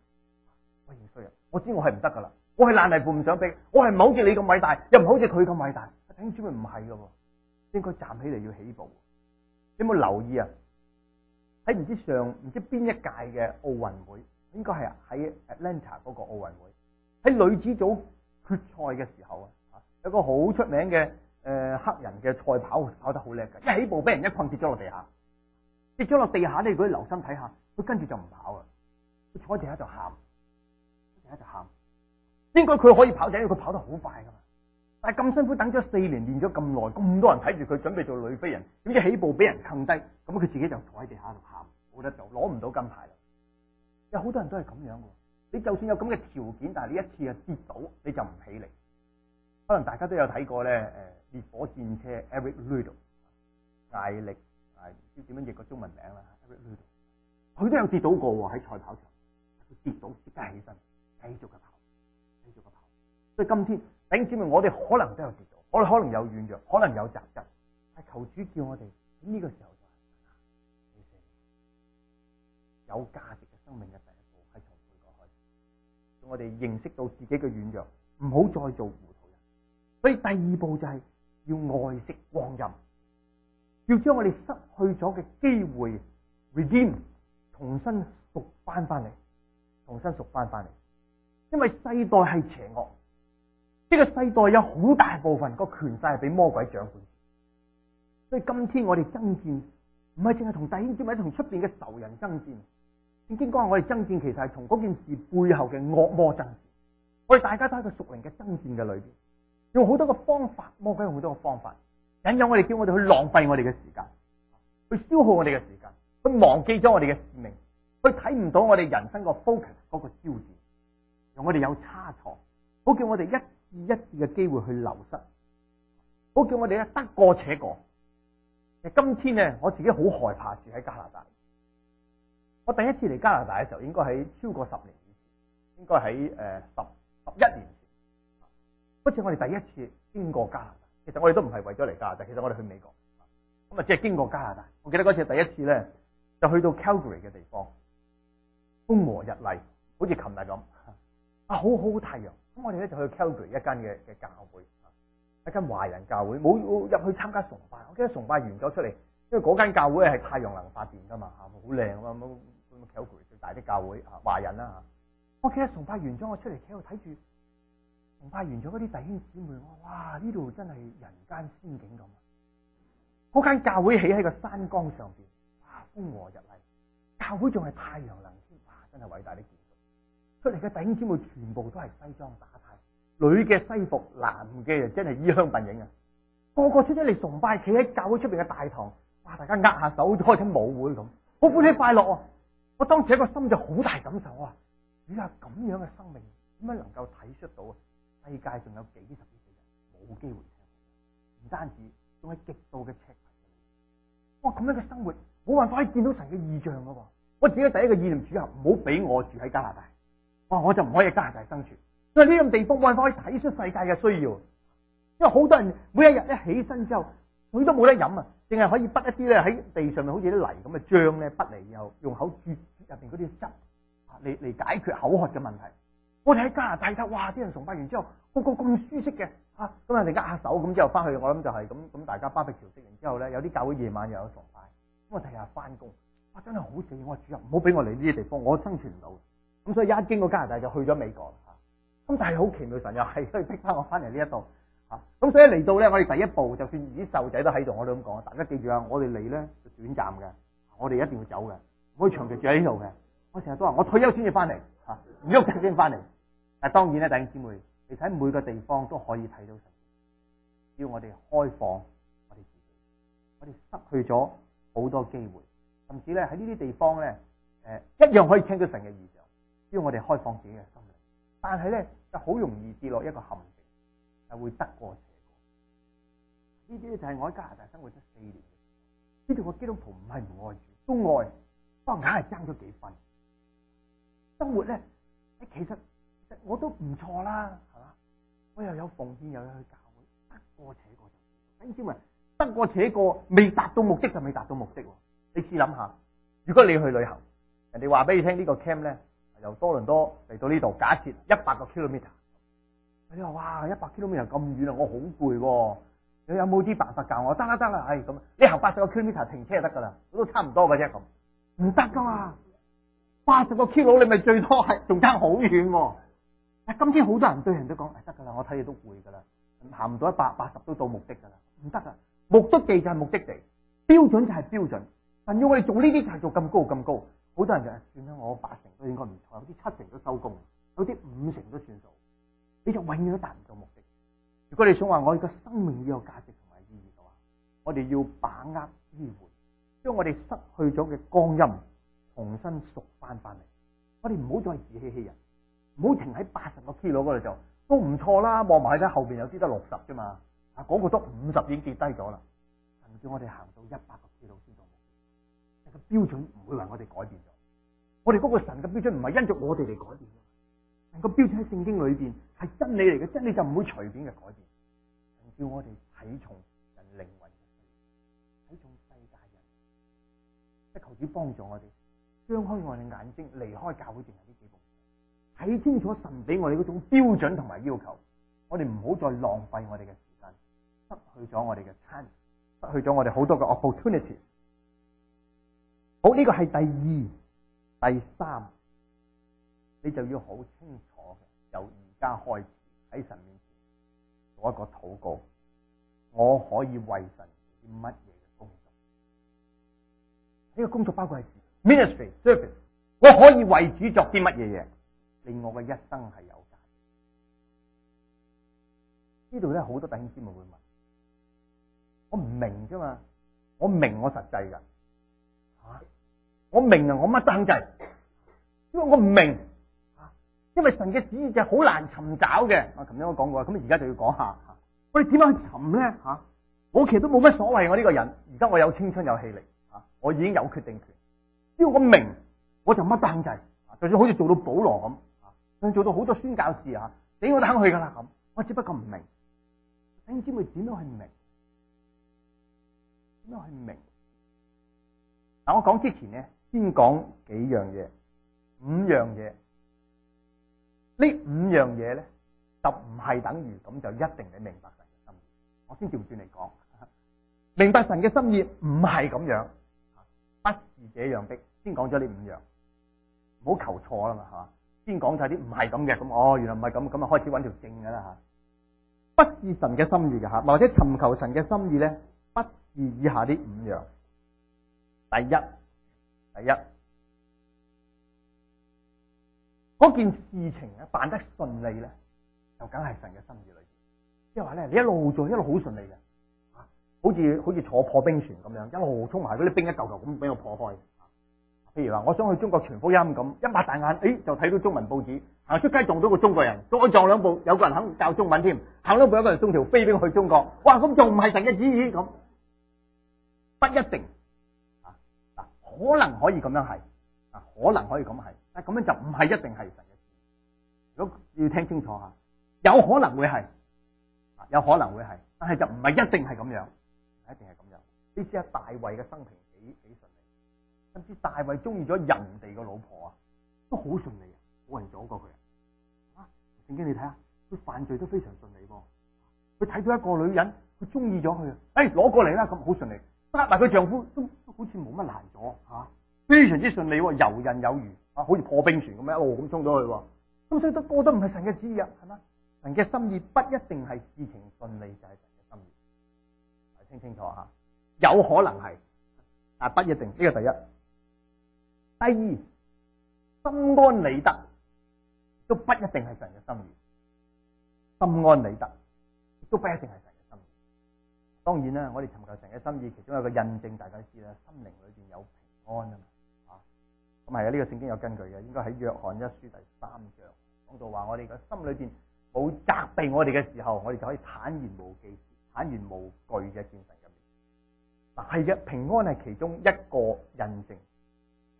[SPEAKER 1] 我認衰呀，我知我係唔得噶啦，我係爛泥扶唔上壁，我係唔好似你咁偉大，又唔好似佢咁偉大，點知咪唔係噶？應該站起嚟，要起步。你有冇留意啊？喺唔知上唔知邊一屆嘅奧運會，應該係喺 Atlanta 嗰個奧運會，喺女子組決賽嘅時候啊，有個好出名嘅。誒、呃，黑人嘅賽跑跑得好叻嘅，一起步俾人一碰跌咗落地下，跌咗落地下咧。如果留心睇下，佢跟住就唔跑啦，佢坐喺地下就喊，喺地下就喊。應該佢可以跑，就因為佢跑得好快噶嘛。但係咁辛苦等咗四年，練咗咁耐，咁多人睇住佢準備做女飛人，點知起步俾人坑低，咁佢自己就坐喺地下度喊，冇得做，攞唔到金牌啦。有好多人都係咁樣嘅，你就算有咁嘅條件，但係呢一次啊跌倒，你就唔起嚟。可能大家都有睇過咧，誒、呃、烈火戰車 Eric Liddell 大力，唔知點樣譯個中文名啦。Eric Liddell，佢都有跌倒過喺賽跑場。佢跌倒即刻起身，繼續佢跑，繼續佢跑，跑。所以今天頂住咪，我哋可能都有跌倒，我哋可能有軟弱，可能有雜質。但求主叫我哋喺呢個時候就係，就有價值嘅生命嘅第一步係從悔改開始，我哋認識到自己嘅軟弱，唔好再做。所以第二步就係要愛惜光陰，要將我哋失去咗嘅機會 redeem，重新贖翻翻嚟，重新贖翻翻嚟。因為世代係邪惡，呢個世代有好大部分個權勢係俾魔鬼掌管。所以今天我哋爭戰，唔係淨係同弟兄姊妹，同出邊嘅仇人爭戰。聖經講我哋爭戰，其實係從嗰件事背後嘅惡魔爭戰。我哋大家都喺個屬靈嘅爭戰嘅裏邊。用好多嘅方法，魔鬼用好多嘅方法，引誘我哋，叫我哋去浪費我哋嘅時間，去消耗我哋嘅時間，去忘記咗我哋嘅使命，去睇唔到我哋人生個 focus 嗰個焦點。我哋有差錯，好叫我哋一次一次嘅機會去流失，好叫我哋咧得過且過。其實今天咧，我自己好害怕住喺加拿大。我第一次嚟加拿大嘅時候，應該喺超過十年以前，應該喺誒十十一年。嗰次我哋第一次經過加拿大，其實我哋都唔係為咗嚟加拿大，其實我哋去美國，咁啊即係經過加拿大。我記得嗰次第一次咧，就去到 Calgary 嘅地方，風和日麗，好似琴日咁啊，好好好太陽。咁我哋咧就去 Calgary 一間嘅嘅教會，一間華人教會，冇我入去參加崇拜。我記得崇拜完咗出嚟，因為嗰間教會係太陽能發電噶嘛，嚇好靚啊！Calgary 最大啲教會啊，華人啦嚇。我記得崇拜完咗我出嚟，企喺度睇住。崇拜完咗嗰啲弟兄姊妹，哇！呢度真係人間仙境咁。嗰間教會起喺個山崗上邊，哇！風和日麗，教會仲係太陽能添，哇！真係偉大啲建築。出嚟嘅弟兄姊妹全部都係西裝打呔，女嘅西服，男嘅又真係衣香鬢影啊！個個出咗嚟崇拜，企喺教會出邊嘅大堂，哇！大家握下手，開緊舞會咁，好歡喜快樂啊！我當時一個心就好大感受啊！下、哎、咁樣嘅生命，點解能夠體恤到啊？世界仲有幾十億人冇機會聽，唔單止仲喺極度嘅赤貧地。哇！咁樣嘅生活冇辦法可以見到神嘅意象咯。我只係第一個意念主合，唔好俾我住喺加拿大。哇！我就唔可以喺加拿大生存。所以呢種地方冇辦法可以睇出世界嘅需要，因為好多人每一日一起身之後，佢都冇得飲啊，淨係可以揼一啲咧喺地上面好似啲泥咁嘅漿咧揼嚟，又用口啜入邊嗰啲汁啊嚟嚟解決口渴嘅問題。我哋喺加拿大睇，哇！啲人崇拜完之後，個個咁舒適嘅，嚇咁啊！陣間握手咁之後翻去，我諗就係咁咁大家巴閉朝夕。完之後咧，有啲教會夜晚又有崇拜，咁我第二日翻工，哇、啊！真係好死，我主任，唔好俾我嚟呢啲地方，我生存唔到咁，所以一經過加拿大就去咗美國啦咁、啊、但係好奇妙，神又係，所以逼翻我翻嚟呢一度嚇。咁、啊、所以嚟到咧，我哋第一步就算已受仔都喺度，我都咁講。大家記住啊，我哋嚟咧就短暫嘅，我哋一定要走嘅，唔可以長期住喺呢度嘅。我成日都話，我退休先至翻嚟。唔喐下先翻嚟，但當然咧，弟兄姊妹，你睇每個地方都可以睇到神，只要我哋開放我哋自己，我哋失去咗好多機會，甚至咧喺呢啲地方咧，誒一樣可以聽到神嘅異象，只要我哋開放自己嘅心靈。但係咧就好容易跌落一個陷阱，係會得過且過。呢啲咧就係我喺加拿大生活咗四年，知道個基督徒唔係唔愛主，都愛，不過硬係爭咗幾分。生活咧，哎，其實我都唔錯啦，係嘛？我又有奉獻，又有去教會，得過且過。你知唔知得過且過，未達到目的就未達到目的。你試諗下，如果你去旅行，人哋話俾你聽呢個 camp 咧，由多倫多嚟到呢度，假設一百個 kilometer，你話哇，一百 kilometer 咁遠啊，我好攰喎。你有冇啲辦法教我？得啦得啦，係咁，你行八十個 kilometer 停車就得噶啦，都差唔多嘅啫。咁唔得噶。八十個 Kilo，你咪最多係仲差好遠。啊，今次好多人對人都講，誒得噶啦，我睇你都攰噶啦，行唔到一百八十都到目的噶啦，唔得噶，目的地就係目的地，標準就係標準。但要我哋做呢啲就係做咁高咁高。好多人就係算啦，我八成都應該唔錯，有啲七成都收工，有啲五成都算數。你就永遠都達唔到目的。如果你想話我嘅生命要有價值同埋意義嘅話，我哋要把握機會，將我哋失去咗嘅光陰，重新熟翻翻嚟，我哋唔好再自欺欺人，唔好停喺八十個 kilo 嗰度就都唔錯啦。望埋睇下後邊有啲得六十啫嘛，啊嗰個都五十已經跌低咗啦。甚至我哋行到一百個 kilo 先到，個標準唔會為我哋改變咗。我哋嗰個神嘅標準唔係因着我哋嚟改變，個標準喺聖經裏邊係真理嚟嘅，真理就唔會隨便嘅改變。叫我哋睇重人靈魂嘅事，睇重世界人，即求主幫助我哋。張開我哋眼睛，離開教會定係呢幾步，睇清楚神俾我哋嗰種標準同埋要求，我哋唔好再浪費我哋嘅時間，失去咗我哋嘅餐，失去咗我哋好多嘅 opportunity。好，呢個係第二、第三，你就要好清楚嘅，由而家開始喺神面前做一個禱告，我可以為神做乜嘢嘅工作？呢個工作包括係。ministry service，我可以為主作啲乜嘢嘢，令我嘅一生係有價值。呢度咧好多弟兄姊妹會問：我唔明啫嘛？我明我實際噶吓、啊，我明啊，我乜生制？因為我唔明、啊，因為神嘅旨意就好難尋找嘅。啊，琴日我講過，咁而家就要講下，我哋點樣去尋咧？吓、啊，我其實都冇乜所謂，我呢個人而家我有青春有氣力吓、啊，我已經有決定權。只要我明，我就乜都制。就算好似做到保羅咁，做到好多宣教士啊，死我都肯去噶啦咁。我只不過唔明。點知咪點都係唔明，點都係唔明。嗱，我講之前咧，先講幾樣嘢，五樣嘢。呢五樣嘢咧，就唔係等於咁就一定你明白神嘅心意。我先調轉嚟講，明白神嘅心意唔係咁樣，不是這樣的。先講咗呢五樣，唔好求錯啦嘛，係嘛？先講晒啲唔係咁嘅，咁哦，原來唔係咁，咁啊開始揾條正噶啦吓。不是神嘅心意嘅，吓、啊，或者尋求神嘅心意咧，不是以下啲五樣。第一，第一，嗰件事情咧辦得順利咧，就梗係神嘅心意裏邊，即係話咧，你一路做一路好順利嘅，好似好似坐破冰船咁樣，一路衝埋嗰啲冰一嚿球咁俾我破開。譬如話，我想去中國傳福音咁，一擘大眼，誒就睇到中文報紙，行出街撞到個中國人，再撞兩步，有個人肯教中文添，行兩步有個人中條飛機去中國，哇咁仲唔係神嘅旨意咁？不一定啊，可能可以咁樣係，可能可以咁係，但咁樣就唔係一定係神嘅旨意。如果要聽清楚吓，有可能會係，有可能會係，但係就唔係一定係咁樣，一定係咁樣。呢次係大衛嘅生平。甚至大衛中意咗人哋個老婆啊，都好順利，啊，冇人阻過佢啊！聖經你睇下，佢犯罪都非常順利喎。佢睇到一個女人，佢中意咗佢，啊，誒，攞過嚟啦，咁好順利，殺埋佢丈夫都好似冇乜難咗吓，非常之順利喎，游刃有餘啊，好似破冰船咁樣一路咁衝咗去喎。咁、啊、所以都過得唔係神嘅旨意啊，係嘛？神嘅心意不一定係事情順利就係、是、神嘅心意，清清楚吓、啊，有可能係，但不一定。呢個第一。第二，心安理得都不一定係神嘅心意。心安理得都不一定係神嘅心意。當然啦，我哋尋求神嘅心意，其中有一個印證，大家知啦，心靈裏邊有平安啊嘛。咁係啊，呢、嗯這個聖經有根據嘅，應該喺約翰一書第三章講到話，我哋個心裏邊冇責備我哋嘅時候，我哋就可以坦然無忌、坦然無懼嘅見神入面。但係嘅，平安係其中一個印證。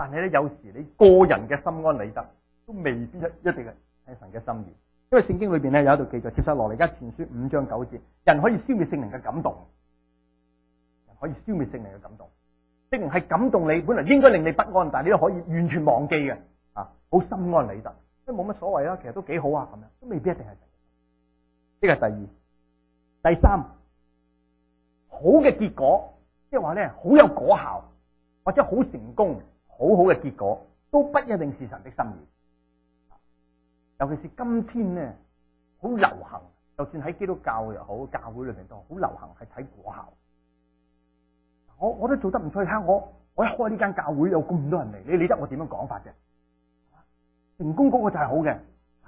[SPEAKER 1] 但係咧，有時你個人嘅心安理得，都未必一一定係神嘅心意。因為聖經裏邊咧有一度記載，帖撒羅尼迦前書五章九節，人可以消滅聖靈嘅感動，可以消滅聖靈嘅感動。聖靈係感動你，本來應該令你不安，但係你都可以完全忘記嘅，啊，好心安理得，即係冇乜所謂啦，其實都幾好啊，咁樣都未必一定係。呢個係第二，第三，好嘅結果，即係話咧好有果效，或者好成功。好好嘅結果都不一定是神的心意，尤其是今天咧好流行，就算喺基督教又好，教會裏面都好流行係睇果效。我我都做得唔出。錯，睇下我我一開呢間教會有咁多人嚟，你理得我點樣講法啫？成功嗰個就係好嘅，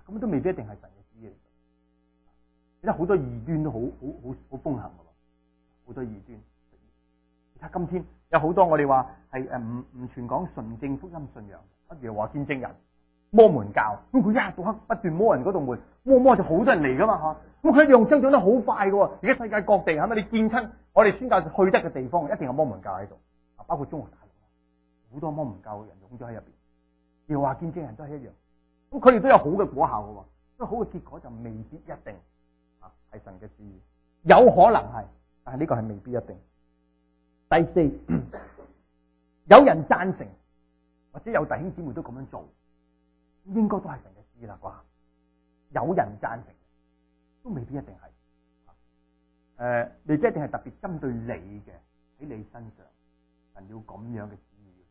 [SPEAKER 1] 咁都未必一定係神嘅旨意嚟。而家好多異端都好好好好風行噶，好多異端。今天有好多我哋話係誒唔唔全講純正福音信仰，譬如話見證人、摩門教，咁佢一日到黑不斷摸人嗰度門，摸摸就好多人嚟噶嘛吓，咁佢一樣增長得好快噶。而家世界各地係咪？你見親我哋宣教去得嘅地方，一定有摩門教喺度，包括中國大陸，好多摩門教嘅人用咗喺入邊，如話見證人都係一樣。咁佢哋都有好嘅果效噶，但係好嘅結果就未必一定吓係神嘅旨意，有可能係，但係呢個係未必一定。第四， 有人贊成，或者有弟兄姊妹都咁樣做，應該都係神嘅旨意啦啩。有人贊成，都未必一定係，誒、呃，你即係一定係特別針對你嘅喺你身上，神要咁樣嘅旨意。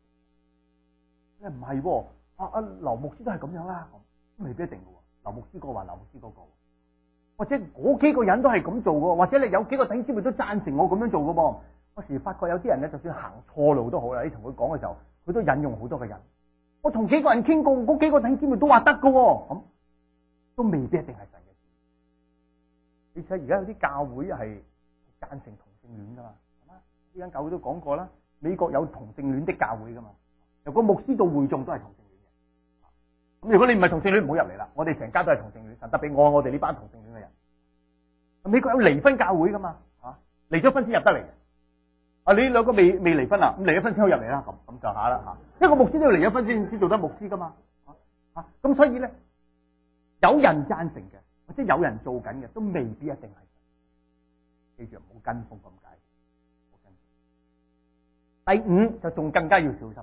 [SPEAKER 1] 因為唔係，阿阿劉牧師都係咁樣啦、啊，都未必一定嘅。劉牧師嗰話，劉牧師嗰句，或者嗰幾個人都係咁做嘅，或者你有幾個弟兄姊妹都贊成我咁樣做嘅。有時發覺有啲人咧，就算行錯路都好啦。你同佢講嘅時候，佢都引用好多嘅人。我同幾個人傾過，嗰幾個弟兄都話得嘅，咁，都未必一定係神嘅事。而且而家有啲教會係贊成同性戀噶嘛？呢間教會都講過啦，美國有同性戀的教會噶嘛？由個牧師到會眾都係同性戀嘅。咁、嗯、如果你唔係同性戀，唔好入嚟啦。我哋成家都係同性戀，特別我我哋呢班同性戀嘅人、嗯。美國有離婚教會噶嘛？嚇離咗婚先入得嚟。啊！你兩個未未離婚啊？咁離咗婚先可以入嚟啦，咁咁就下啦吓。一個牧師都要離咗婚先先做得牧師噶嘛，吓咁所以咧，有人贊成嘅，或者有人做緊嘅，都未必一定係。記住唔好跟風咁解。冇跟風。第五就仲更加要小心，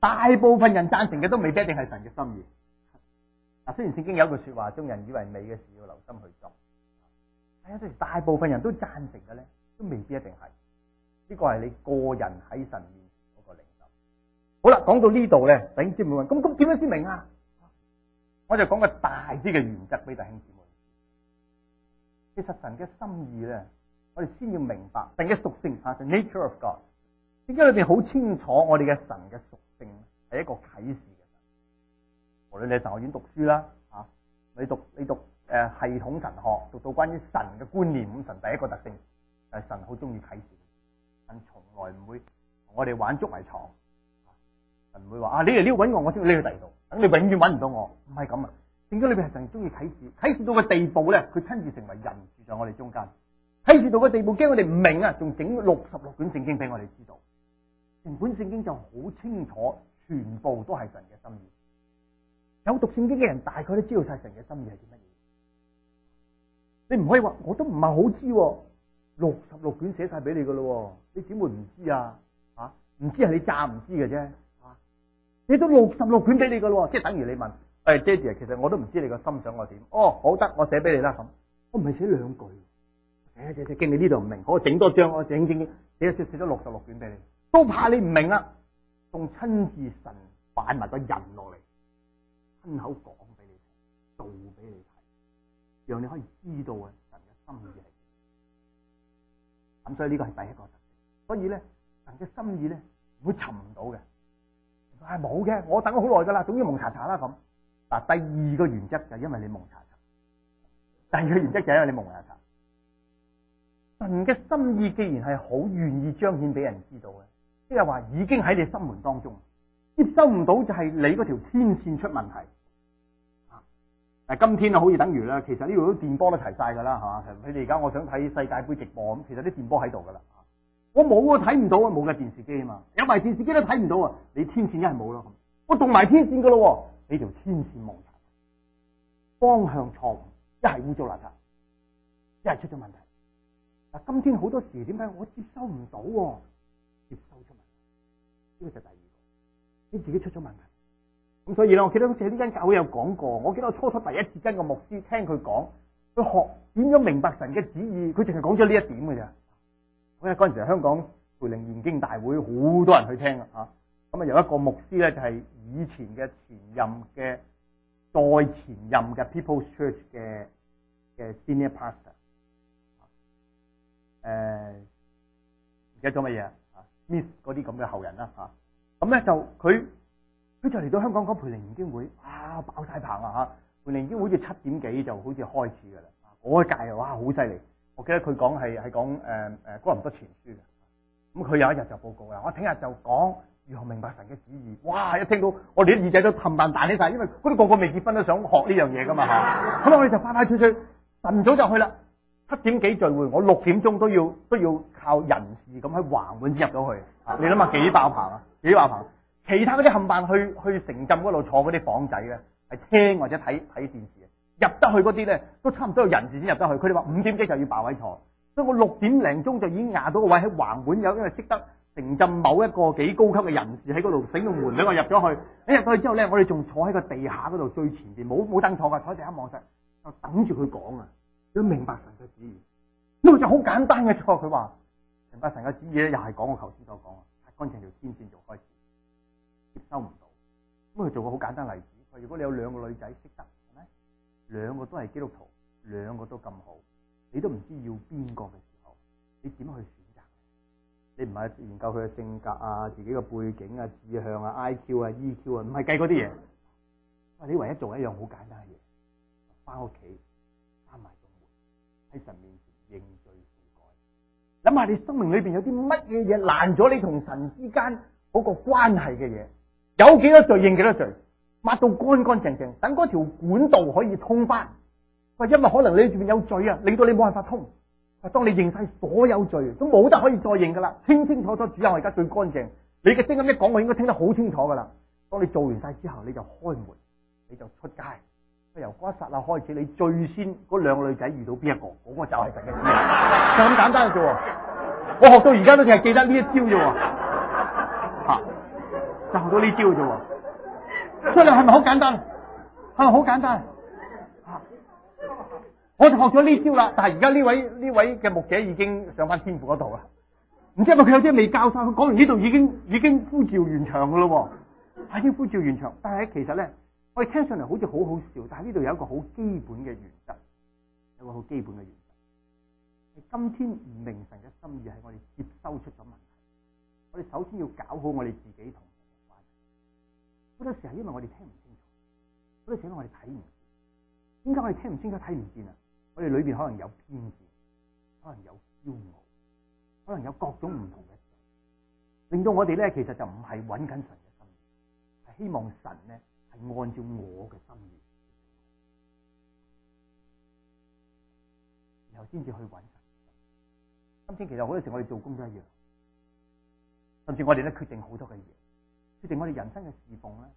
[SPEAKER 1] 大部分人贊成嘅都未必一定係神嘅心意。嗱，雖然聖經有句說話，眾人以為美嘅事要留心去做，但係有時大部分人都贊成嘅咧，都未必一定係。呢個係你個人喺神面嗰個靈感。好啦，講到呢度咧，弟兄姊妹問：咁咁點樣先明啊？我就講個大啲嘅原則俾弟兄姊妹。其實神嘅心意咧，我哋先要明白神嘅屬性，神嘅 nature of God。點解裏邊好清楚？我哋嘅神嘅屬性係一個啟示嘅神。無論你喺神學院讀書啦，吓你讀你讀誒系統神學，讀到關於神嘅觀念，神第一個特性，誒、就是、神好中意啟示。但從來唔會，同我哋玩捉迷藏，神唔會話啊，你嚟呢度搵我，我先去呢個第二度，等你永遠搵唔到我，唔係咁啊！點解你哋神中意啟示？啟示到個地步咧，佢親自成為人，住在我哋中間。啟示到個地步，驚我哋唔明啊，仲整咗六十六卷聖經俾我哋知道，成本聖經就好清楚，全部都係神嘅心意。有讀聖經嘅人，大概都知道晒神嘅心意係啲乜嘢。你唔可以話，我都唔係好知。六十六卷寫晒俾你噶咯，你點會唔知啊？啊，唔知係你詐唔知嘅啫、啊。你都六十六卷俾你噶咯，即係等於你問，誒爹哋啊，其實我都唔知你個心想我點。哦，好得，我寫俾你啦咁，我唔係寫兩句，驚你呢度唔明，我整多張，我整正正，寫寫寫咗六十六卷俾你，都怕你唔明啦，仲親自神擺埋個人落嚟，親口講俾你，道俾你，你，讓你可以知道啊，神嘅心意係。咁所以呢個係第一個，所以咧神嘅心意咧會尋唔到嘅，係冇嘅，我等咗好耐噶啦，總之蒙查查啦咁。嗱，第二個原則就係因為你蒙查查，第二個原則就係因為你蒙查查，神嘅心意既然係好願意彰顯俾人知道嘅，即係話已經喺你心門當中接收唔到就係你條天綫出問題。誒，今天啊，好似等於啦，其實呢度都電波都齊晒噶啦，嚇！佢哋而家我想睇世界盃直播，咁其實啲電波喺度噶啦。我冇啊，睇唔到啊，冇嘅電視機啊嘛，有埋電視機都睇唔到啊。你天線一係冇咯，我動埋天線噶咯，你條天線望錯，方向錯誤，一係污糟邋遢，一係出咗問題。嗱，今天好多時點解我接收唔到？接收出問題，呢個就第二個，你自己出咗問題。咁所以咧，我記得好似喺呢間教會有講過。我記得我初初第一次跟個牧師聽佢講，佢學點樣明白神嘅旨意，佢淨係講咗呢一點㗎咋。咁啊，嗰陣時香港培靈研經大會好多人去聽啊。嚇，咁啊，有一個牧師咧、嗯嗯，就係以前嘅前任嘅代前任嘅 People's Church 嘅嘅 Senior Pastor，誒，唔記得咗乜嘢啊？miss 嗰啲咁嘅後人啦嚇。咁咧就佢。佢就嚟到香港講培靈研經會，啊爆晒棚啊嚇！培靈研經會好似七點幾就好似開始嘅啦，嗰一屆啊哇好犀利！我記得佢講係係講誒誒哥林多前書嘅。咁、嗯、佢有一日就報告啦，我聽日就講如何明白神嘅旨意。哇！一聽到我哋啲耳仔都氹氹彈起晒，因為嗰啲個個未結婚都想學呢樣嘢噶嘛嚇。咁、啊、我哋就快快脆脆晨早就去啦，七點幾聚會，我六點鐘都要都要靠人事咁喺橫門入到去。你諗下幾爆棚啊？幾爆棚！其他嗰啲冚唪唥去去城浸嗰度坐嗰啲房仔咧，係聽或者睇睇電視。入得去嗰啲咧都差唔多有人字先入得去。佢哋話五點幾就要霸位坐，所以我六點零鐘就已經壓到個位喺橫門有，有因為識得城浸某一個幾高級嘅人士喺嗰度整個門，所以我入咗去。一入咗去之後咧，我哋仲坐喺個地下嗰度最前邊，冇冇凳坐噶，坐地下望實，我等住佢講啊。都明白神嘅旨意，呢個就好簡單嘅錯，佢話明白神嘅旨意咧，又係講我頭先所講啊，乾淨條天線做開始。收唔到，咁佢做個好簡單例子，佢，如果你有兩個女仔識得，係咪？兩個都係基督徒，兩個都咁好，你都唔知要邊個嘅時候，你點去選擇？你唔係研究佢嘅性格啊、自己嘅背景啊、志向啊、IQ 啊、EQ 啊，唔係計嗰啲嘢。喂，你唯一做一樣好簡單嘅嘢，翻屋企閂埋個門喺神面前認罪悔改，諗下你生命裏邊有啲乜嘢嘢爛咗你同神之間嗰個關係嘅嘢。有幾多罪認幾多罪，抹到乾乾淨淨，等嗰條管道可以通翻。喂，因為可能你前面有罪啊，令到你冇辦法通。喂，當你認晒所有罪，都冇得可以再認噶啦，清清楚楚，只有我而家最乾淨。你嘅聲音一講，我應該聽得好清楚噶啦。當你做完晒之後，你就開門，你就出街。由嗰一剎那開始，你最先嗰兩個女仔遇到邊一個，嗰、嗰個就係第一個 就咁簡單啫喎，我學到而家都淨係記得呢一招啫喎。 學咗呢招啫，所以你係咪好簡單？係咪好簡單啊？我就學咗呢招啦。但係而家呢位呢位嘅牧者已經上翻天父嗰度啦。唔知係咪佢有啲未教晒？佢講完呢度已經已經呼召完場噶咯，係已經呼召完場。但係其實咧，我哋聽上嚟好似好好笑，但係呢度有一個好基本嘅原則，有個好基本嘅原則。你今天唔明神嘅心意，係我哋接收出咗問題。我哋首先要搞好我哋自己同。好多時候因為我哋聽唔清楚，好多時候我哋睇唔見，點解我哋聽唔清楚、睇唔見啊？我哋裏邊可能有偏見，可能有驕傲，可能有各種唔同嘅，令到我哋咧其實就唔係揾緊神嘅心意，係希望神咧係按照我嘅心意，然後先至去揾神。今天其實好多時我哋做工作一樣，甚至我哋咧決定好多嘅嘢。定我哋人生嘅侍奉咧，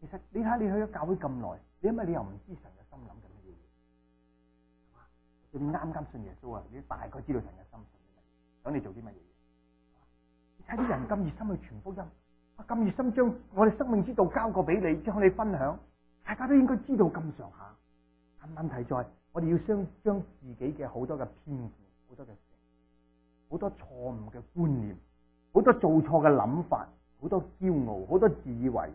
[SPEAKER 1] 其實你睇你去咗教會咁耐，點解你又唔知神嘅心諗緊乜嘢嘢？你啱啱信耶穌啊，你大概知道神嘅心，想你做啲乜嘢嘢？你睇啲人咁熱心去傳福音，啊咁熱心將我哋生命之道交過俾你，將你分享，大家都應該知道咁上下。但問題在，我哋要將將自己嘅好多嘅偏見、好多嘅好多錯誤嘅觀念、好多做錯嘅諗法。好多驕傲，好多自以為是，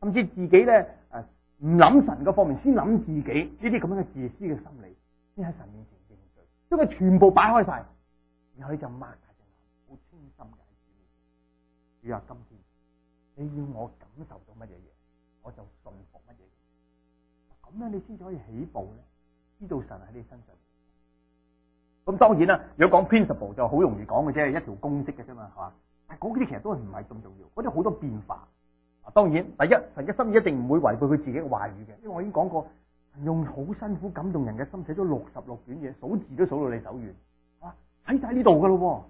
[SPEAKER 1] 甚至自己咧誒唔諗神嘅方面，先諗自己呢啲咁樣嘅自私嘅心理，先喺神面前認罪，將佢全部擺開晒，然後你就擘大隻眼，好清心嘅，要話今天你要我感受到乜嘢嘢，我就信服乜嘢嘢，咁樣你先至可以起步咧，知道神喺你身上。咁當然啦，如果講 principle 就好容易講嘅啫，一條公式嘅啫嘛，係嘛？嗱，嗰啲其實都唔係咁重要，嗰啲好多變化。啊，當然第一，神嘅心意一定唔會違背佢自己嘅話語嘅，因為我已經講過，神用好辛苦感動人嘅心寫咗六十六卷嘢，數字都數到你手軟啊，睇晒呢度噶咯。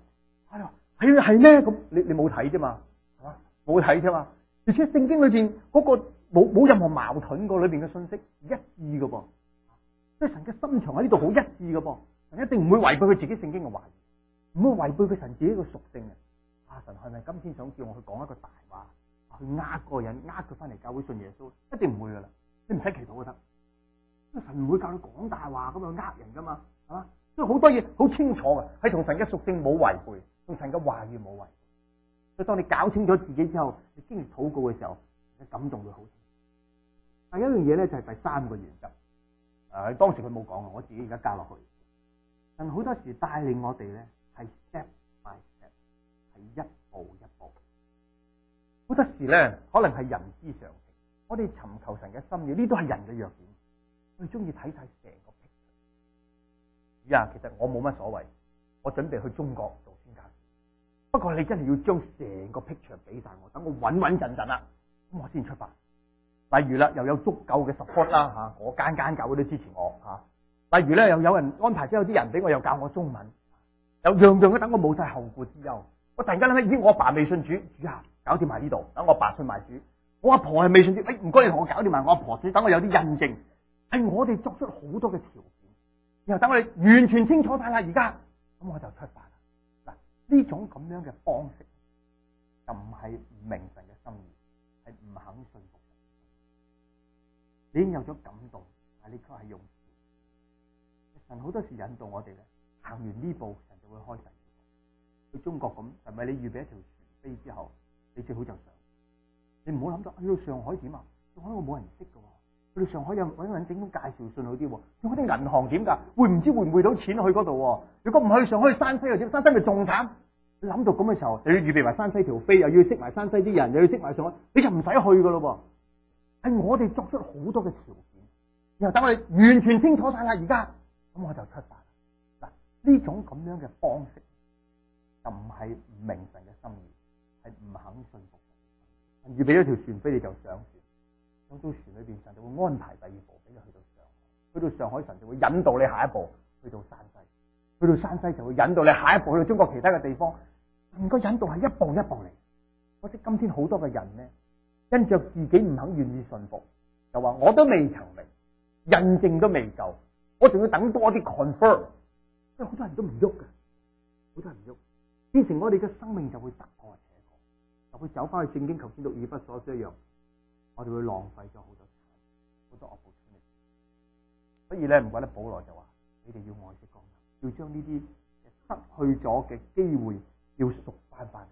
[SPEAKER 1] 係啊，係係咩？咁你你冇睇啫嘛，係嘛，冇睇啫嘛。而且聖經裏邊嗰個冇冇任何矛盾個裏邊嘅信息一致噶噃，即係神嘅心腸喺呢度好一致噶噃，神一定唔會違背佢自己聖經嘅話語，唔會違背佢神自己嘅屬性啊。阿、啊、神係咪今天想叫我去講一個大話去呃嗰個人，呃佢翻嚟教會信耶穌，一定唔會噶啦，你唔使祈禱就得，因為神唔會教你講大話咁去呃人噶嘛，係嘛，所以好多嘢好清楚嘅，係同神嘅屬性冇違背，同神嘅話語冇違，所以當你搞清楚自己之後，你經歷禱告嘅時候，你感動會好。第一樣嘢咧就係第三個原則，誒、呃，當時佢冇講，我自己而家加落去，但好多時帶領我哋咧係 set。一步一步，好多時咧，可能係人之常情。我哋尋求神嘅心意，呢都係人嘅弱點。我哋中意睇晒成個 picture。主啊，其實我冇乜所謂，我準備去中國做宣教。不過你真係要將成個 picture 俾晒我，等我穩穩陣陣啦，咁我先出發。例如啦，又有足夠嘅 support 啦、啊，吓，我間間教會都支持我吓、啊。例如咧，又有人安排之後啲人俾我，又教我中文，又樣樣都等我冇晒後顧之憂。我突然間諗起，咦！我阿爸未信主，主下搞，搞掂埋呢度，等我阿爸信埋主。我阿婆係未信主，哎，唔該你同我搞掂埋，我阿婆主。等我有啲印證。哎，我哋作出好多嘅條件，然後等我哋完全清楚晒啦。而家咁我就出發啦。嗱，呢種咁樣嘅方式就唔係唔明神嘅心意，係唔肯信服。你已經有咗感動，但呢你卻係用。神好多時引導我哋咧，行完呢步，神就會開釋。去中國咁，係咪你預備一條船飛之後，你最好就上？你唔好諗到去到上海點啊？上海，上海我冇人識嘅喎，去到上海有揾人整本介紹信好啲喎。上海啲銀行點噶？會唔知匯唔匯到錢去嗰度？如果唔去上海，去山西又點？山西咪仲慘？你諗到咁嘅時候，你要預備埋山西條飛，又要識埋山西啲人，又要識埋上海，你就唔使去嘅咯。係我哋作出好多嘅條件，然後等我哋完全清楚晒啦。而家咁我就出發啦。嗱，呢種咁樣嘅方式。就唔係唔明神嘅心意，係唔肯信服。預備咗條船飛，飛你就上船。咁到船裏邊，神就會安排第二步，俾你去到上海。去到上海，神就會引導你下一步去到山西。去到山西，就會引導你下一步去到中國其他嘅地方。唔該，引導係一步一步嚟。可惜今天好多嘅人咧，因着自己唔肯願意信服，就話我都未曾明，印證都未夠，我仲要等多啲 confirm。即係好多人都唔喐㗎，好多人唔喐。變成我哋嘅生命就會得過且過，就會走翻去聖經求先讀而不所書一樣，我哋會浪費咗好多好多惡報。所以咧，唔怪得保羅就話：你哋要愛惜光陰，要將呢啲失去咗嘅機會要贖翻翻嚟。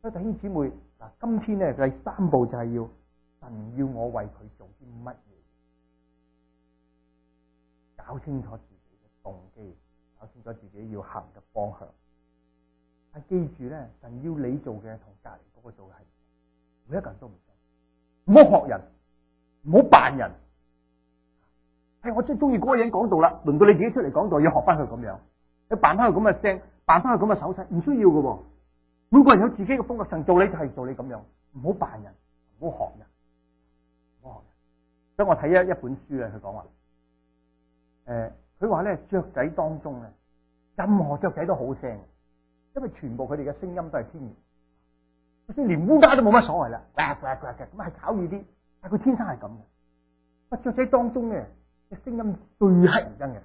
[SPEAKER 1] 所以弟兄姊妹嗱，今天咧第三步就係要神要我為佢做啲乜嘢，搞清楚自己嘅動機，搞清楚自己要行嘅方向。但記住咧，就要你做嘅同隔籬嗰個做嘅係，每一個人都唔同。唔好學人，唔好扮人。係、哎、我真係中意嗰個人講道啦，輪到你自己出嚟講道，要學翻佢咁樣，要扮翻佢咁嘅聲，扮翻佢咁嘅手勢，唔需要噶。每個人有自己嘅風格，神做你就係、是、做你咁樣，唔好扮人，唔好學人，唔好學人。所以我睇一一本書啊，佢講話，誒、呃，佢話咧雀仔當中咧，任何雀仔都好聲。因為全部佢哋嘅聲音都係天然，就算連烏鴉都冇乜所謂啦，呱呱呱嘅咁係吵耳啲，但佢天生係咁嘅，雀仔當中嘅聲音最乞人憎嘅、嗯、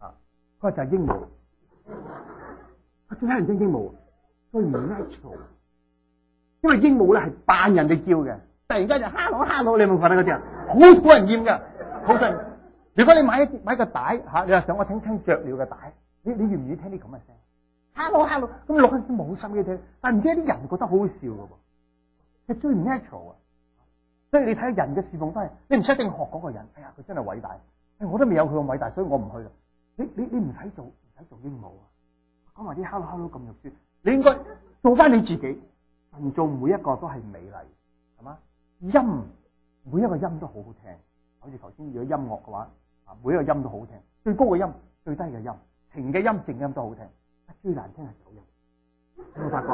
[SPEAKER 1] 啊，佢就係鸚鵡，最乞 人憎鸚鵡，佢唔拉長，因為鸚鵡咧係扮人哋叫嘅，突然間就哈羅哈羅，你有冇見啊？嗰隻好討人厭噶，好嘅。 如果你買，買一買個帶吓、啊，你話想我聽聽雀鳥嘅帶，你你要唔要聽啲咁嘅聲？hello hello，咁你錄音冇心機聽，但唔知啲人覺得好好笑噶喎，你最 natural 啊！即係你睇下人嘅示範翻嚟，你唔使一定學嗰個人。哎呀，佢真係偉大。哎，我都未有佢咁偉大，所以我唔去啦。你你你唔使做唔使做鸚鵡啊！講埋啲 hello hello 咁肉酸，你應該做翻你自己，唔做每一個都係美麗，係嘛？音每一個音都好好聽，好似頭先如果音樂嘅話，啊每一個音都好聽，最高嘅音、最低嘅音、平嘅音、靜音都好聽。最難聽係走音，有冇發覺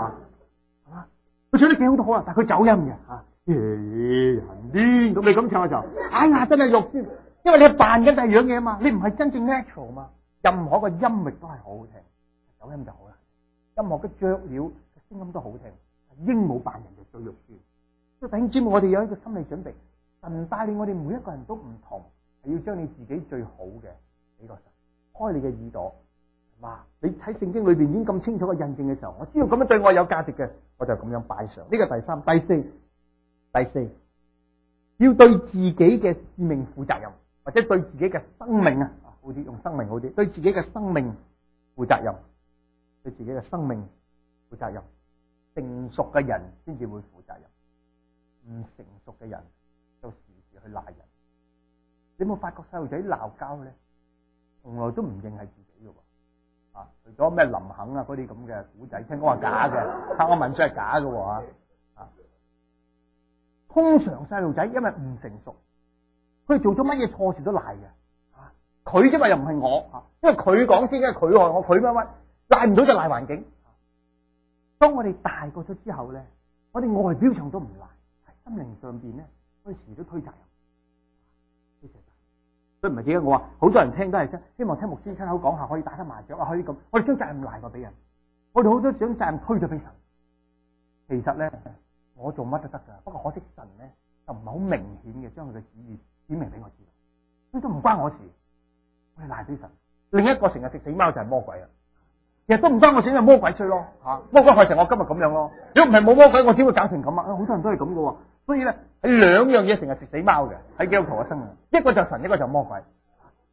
[SPEAKER 1] 啊？佢唱得幾好都好啊，但係佢走音嘅吓。咦，啲咁你咁唱就哎呀，真係肉酸，因為你係扮緊第二樣嘢啊嘛，你唔係真正 natural 嘛。任何個音域都係好好聽，走音就好啦。音樂嘅雀鳥嘅聲音都好聽，鸚鵡扮人就最肉酸。所以弟兄姊妹，我哋有一個心理準備，神帶領我哋每一個人都唔同，係要將你自己最好嘅俾個神，開你嘅耳朵。哇！你睇《聖經》裏邊已經咁清楚嘅印證嘅時候，我只要咁樣對我有價值嘅，我就咁樣擺上。呢個第三、第四、第四，要對自己嘅使命負責任，或者對自己嘅生命啊，好啲用生命好啲，對自己嘅生命負責任，對自己嘅生命負責任。成熟嘅人先至會負責任，唔成熟嘅人就時時去賴人。你有冇發覺細路仔鬧交咧，從來都唔認係自己嘅。除咗咩林肯啊嗰啲咁嘅古仔，聽講話假嘅，吓 我問出係假嘅，啊。通常細路仔因為唔成熟，佢做咗乜嘢錯事都賴嘅。佢啫嘛又唔係我，啊，因為佢講先，因為佢話我，佢乜乜賴唔到就賴環境。啊，當我哋大個咗之後咧，我哋外表上都唔賴，喺心靈上邊咧，我哋時都推責。佢唔係點啊？我話好多人聽都係聽，希望聽牧師親口講下可以打得麻雀啊，可以咁。我哋將責任賴過俾人，我哋好多將責任推咗俾神。其實咧，我做乜都得噶，不過可惜神咧就唔係好明顯嘅，將佢嘅旨意點明俾我知道。咁都唔關我事，我哋賴俾神。另一個成日食死貓就係魔鬼啊！其實都唔關我事，係魔鬼吹咯吓，魔鬼害成我今日咁樣咯。如果唔係冇魔鬼，我點會搞成咁啊！好多人都係咁噶喎。所以咧，係兩樣嘢成日食死貓嘅係基督徒嘅生命，一個就神，一個就魔鬼。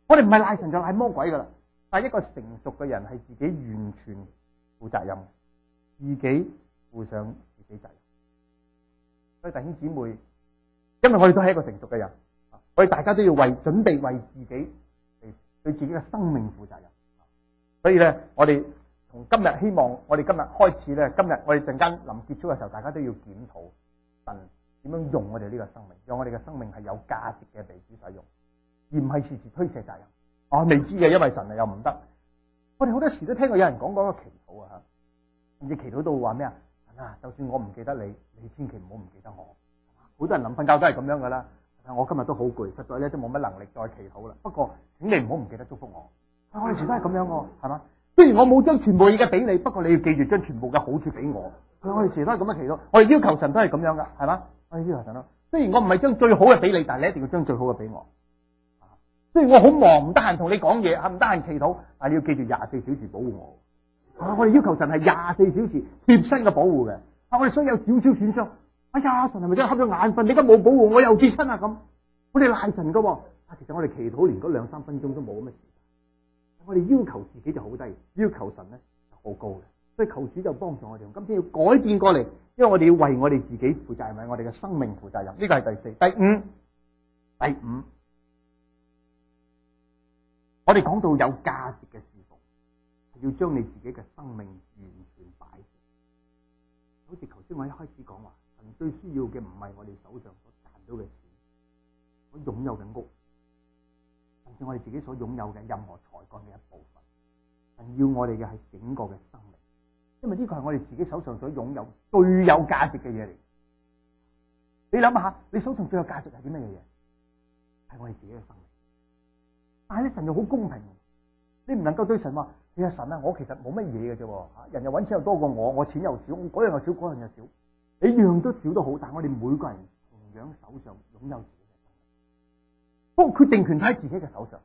[SPEAKER 1] 我哋唔係賴神就賴魔鬼噶啦。但係一個成熟嘅人係自己完全負責任，自己負上自己責任。所以弟兄姊妹，因為我哋都係一個成熟嘅人，我哋大家都要為準備為自己嚟對自己嘅生命負責任。所以咧，我哋從今日希望我哋今日開始咧，今日我哋陣間臨結束嘅時候，大家都要檢討神。點樣用我哋呢個生命，讓我哋嘅生命係有價值嘅被主使用，而唔係時時推卸責任。啊，未知嘅，因為神又唔得。我哋好多時都聽過有人講嗰個祈禱啊吓，甚至祈禱到話咩啊？就算我唔記得你，你千祈唔好唔記得我。好多人臨瞓覺都係咁樣噶啦。我今日都好攰，實在咧都冇乜能力再祈禱啦。不過，請你唔好唔記得祝福我。我哋時都係咁樣，係嘛？雖然我冇將全部嘢俾你不過你要記住將全部嘅好處俾我我哋時都係咁樣祈禱，我哋要求神都係咁樣噶係嘛？我哋要求神啊，雖然我唔係將最好嘅俾你但係你一定要將最好嘅俾我雖然我好忙，唔得閒同你講嘢，吓唔得閒祈禱，但係你要記住廿四小時保護我。啊，我哋要求神係廿四小時貼身嘅保護嘅。啊，我哋雖有少少損傷，哎呀，神係咪真係瞌咗眼瞓？你而家冇保護我又跌親啊咁，我哋賴神噶啊，其實我哋祈禱連嗰兩三分鐘都冇咁我哋要求自己就好低，要求神咧就好高嘅，所以求主就幫助我哋。我今天要改變過嚟，因為我哋要為我哋自己負責，係咪？我哋嘅生命負責任。呢個係第四、第五、第五。我哋講到有價值嘅事奉，要將你自己嘅生命完全擺上，好似頭先我一開始講話，神最需要嘅唔係我哋手上所賺到嘅錢，我擁有緊屋。甚至我哋自己所擁有嘅任何才幹嘅一部分，神要我哋嘅係整個嘅生命，因為呢個係我哋自己手上所擁有最有價值嘅嘢嚟。你諗下，你手上最有價值係啲乜嘢嘢？係我哋自己嘅生命。但係呢，神又好公平，你唔能夠對神話：，你阿、啊、神啊，我其實冇乜嘢嘅啫，吓，人又搵錢又多過我，我錢又少，嗰樣又少，嗰樣，樣又少，你樣都少都好，但係我哋每個人同樣手上擁有。不過決定權喺自己嘅手上，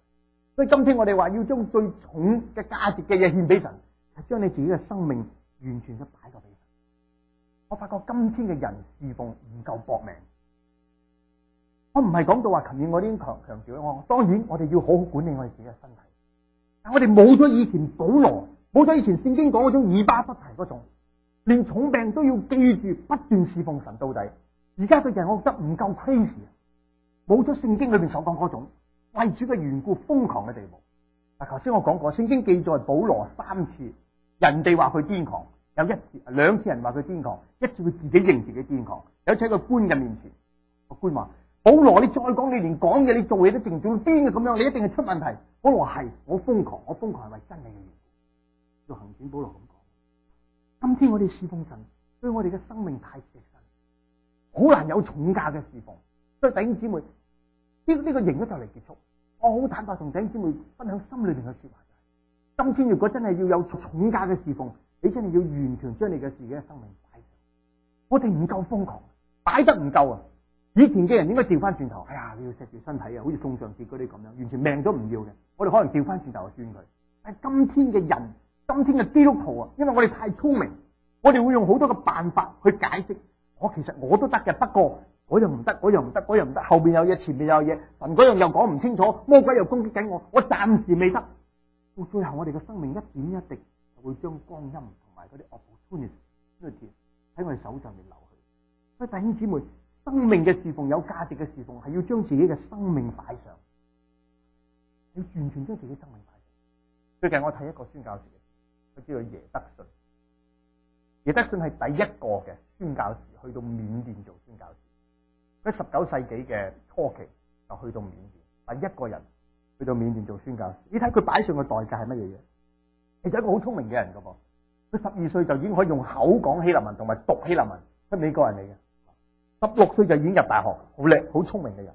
[SPEAKER 1] 所以今天我哋話要將最重嘅價值嘅嘢獻俾神，係將你自己嘅生命完全都擺落俾神。我發覺今天嘅人侍奉唔夠搏命。我唔係講到話，琴日我已經強強調咗，我當然我哋要好好管理我哋自己嘅身體，但我哋冇咗以前保羅，冇咗以前聖經講嗰種以巴弗提嗰種，連重病都要記住不斷侍奉神到底。而家嘅人我覺得唔夠 pass。冇咗聖經裏邊所講嗰種為主嘅緣故瘋狂嘅地步。嗱、啊，頭先我講過，聖經記載保羅三次人哋話佢癲狂，有一次、兩次人話佢癲狂，一次佢自己認自己癲狂。有一次喺個官嘅面前，個官話保羅，你再講你連講嘢你,你做嘢都淨做癲嘅咁樣，你一定係出問題。保羅話係，我瘋狂，我瘋狂係為真理嘅緣故。要行傳保羅咁講，今天我哋侍奉神對我哋嘅生命太食神，好難有重價嘅侍奉。」所以弟兄姊妹。呢呢個型咧就嚟結束，我好坦白同弟兄姊妹分享心裏面嘅說話。今天如果真係要有重價嘅侍奉，你真係要完全將你嘅自己嘅生命擺上。我哋唔夠瘋狂，擺得唔夠啊！以前嘅人應該掉翻轉頭，哎呀，你要錫住身體啊，好似宋上節宋尚節嗰啲咁樣，完全命都唔要嘅。我哋可能掉翻轉頭去尊佢，但係今天嘅人，今天嘅基督徒啊，因為我哋太聰明，我哋會用好多嘅辦法去解釋。我其實我都得嘅，不過。我又唔得，我又唔得，我又唔得。後邊有嘢，前邊有嘢，神嗰樣又講唔清楚，魔鬼又攻擊緊我，我暫時未得。到最後，我哋嘅生命一點一滴就會將光陰同埋嗰啲惡報觀念呢啲喺我哋手上面流去。所以弟兄姊妹，生命嘅侍奉，有價值嘅侍奉，係要將自己嘅生命擺上，要完全將自己生命擺上。最近我睇一個宣教士，佢叫做耶德信，耶德信係第一個嘅宣教士，去到緬甸做宣教士。喺十九世紀嘅初期就去到緬甸，第一個人去到緬甸做宣教士。你睇佢擺上嘅代價係乜嘢嘢？其實一個好聰明嘅人個噃。佢十二歲就已經可以用口講希臘文同埋讀希臘文，係美國人嚟嘅。十六歲就已經入大學，好叻、好聰明嘅人。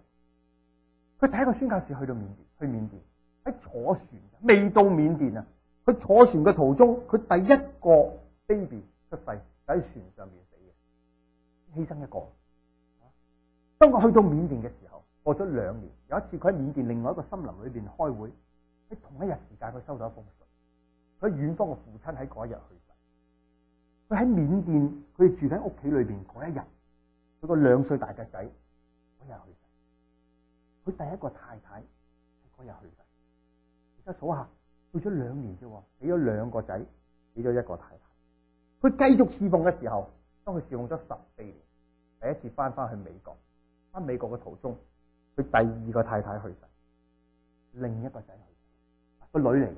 [SPEAKER 1] 佢第一個宣教士去到緬甸，去緬甸喺坐船，未到緬甸啊！佢坐船嘅途中，佢第一個 baby 出世就喺船上面死嘅，犧牲一個。當我去到緬甸嘅時候，過咗兩年，有一次佢喺緬甸另外一個森林裏邊開會，喺同一日時間佢收到一封信，佢喺遠方嘅父親喺嗰一日去世，佢喺緬甸佢住喺屋企裏邊嗰一日，佢個兩歲大嘅仔嗰日去世，佢第一個太太嗰日去世，而家數下，去咗兩年啫，死咗兩個仔，死咗一個太太，佢繼續侍奉嘅時候，當佢侍奉咗十四年，第一次翻翻去美國。喺美國嘅途中，佢第二個太太去世，另一個仔去世，個女嚟嘅。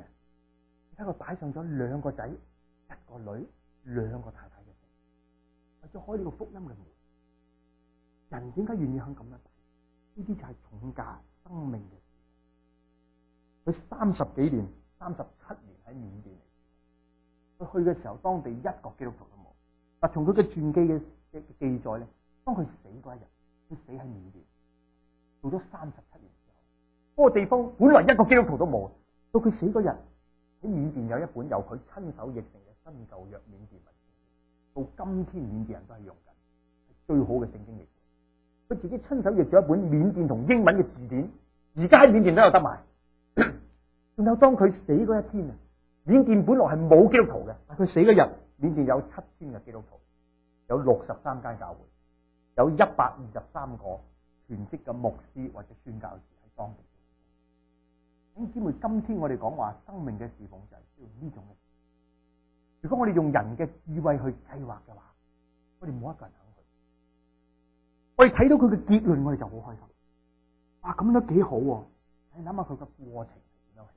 [SPEAKER 1] 你睇佢擺上咗兩個仔，一個女，兩個一個女，兩個太太嘅死，為咗開呢個福音嘅門。人點解願意肯咁樣？呢啲就係重價生命嘅事。佢三十幾年、三十七年喺緬甸嚟。佢去嘅時候，當地一個基督徒都冇。嗱，從佢嘅傳記嘅記記載咧，當佢死嗰一日。佢死喺緬甸，到咗三十七年之後，嗰個地方本來一個基督徒都冇，到佢死嗰日喺緬甸有一本由佢親手譯成嘅新舊約緬甸文，到今天緬甸人都係用緊最好嘅聖經譯本。佢自己親手譯咗一本緬甸同英文嘅字典，而家喺緬甸都有得賣。仲有當佢死嗰一天啊，緬甸本來係冇基督徒嘅，但佢死嗰日，緬甸有七千嘅基督徒，有六十三間教會。有一百二十三個全職嘅牧師或者宣教士喺當地。弟兄姊妹，今天我哋講話生命嘅事奉就係要呢種。如果我哋用人嘅智慧去計劃嘅話，我哋冇一個人肯去。我哋睇到佢嘅結論，我哋就好開心，啊。啊，咁樣都幾好喎，啊！你諗下佢嘅過程係點樣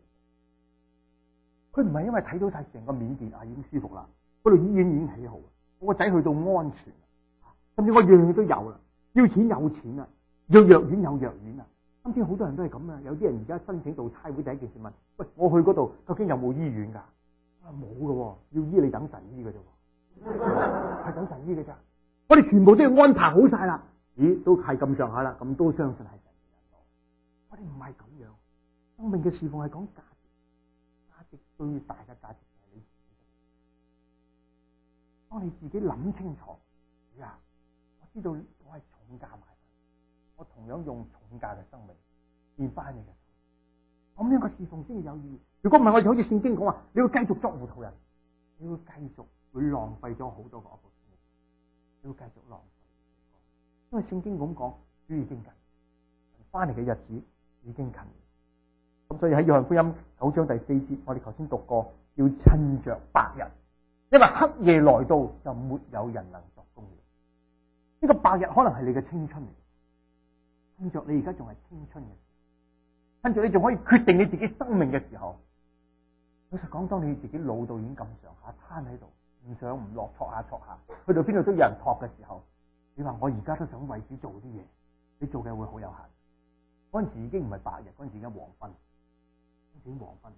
[SPEAKER 1] 起？佢唔係因為睇到晒成個緬甸啊已經舒服啦，嗰度醫院已經起好，我個仔去到安全。我樣嘢都有啦，要錢有錢啦，要藥丸有藥丸啦。今天好多人都係咁啊，有啲人而家申請到差會，第一件事問：喂，我去嗰度究竟有冇醫院噶？啊，冇噶，要醫你等神醫噶啫，係等神醫噶咋？我哋全部都要安排好晒啦。咦，都係咁上下啦，咁都相信係神醫嚟。我哋唔係咁樣，生命嘅侍奉係講價值，價值最大嘅價值係你自己。當你自己諗清楚。知道我係重價買，我同樣用重價嘅生命變翻你嘅，咁樣嘅侍奉先至有意義。如果唔係，我哋好似聖經講話，你會繼續作糊塗人，你會繼續會浪費咗好多嘅一步，你會繼續浪費。因為聖經咁講，主已經近，翻嚟嘅日子已經近，咁所以喺約翰福音九章第四節，我哋頭先讀過，要趁着白日，因為黑夜來到就沒有人能。呢個白日可能係你嘅青春嚟，趁住你而家仲係青春嘅時候，趁住你仲可以決定你自己生命嘅時候。老實講，當你自己老到已經咁上下，癱喺度，唔想唔落，托下托下，去到邊度都有人托嘅時候，你話我而家都想為主做啲嘢，你做嘅會好有限。嗰陣時已經唔係白日，嗰陣時已經黃昏，已經黃昏。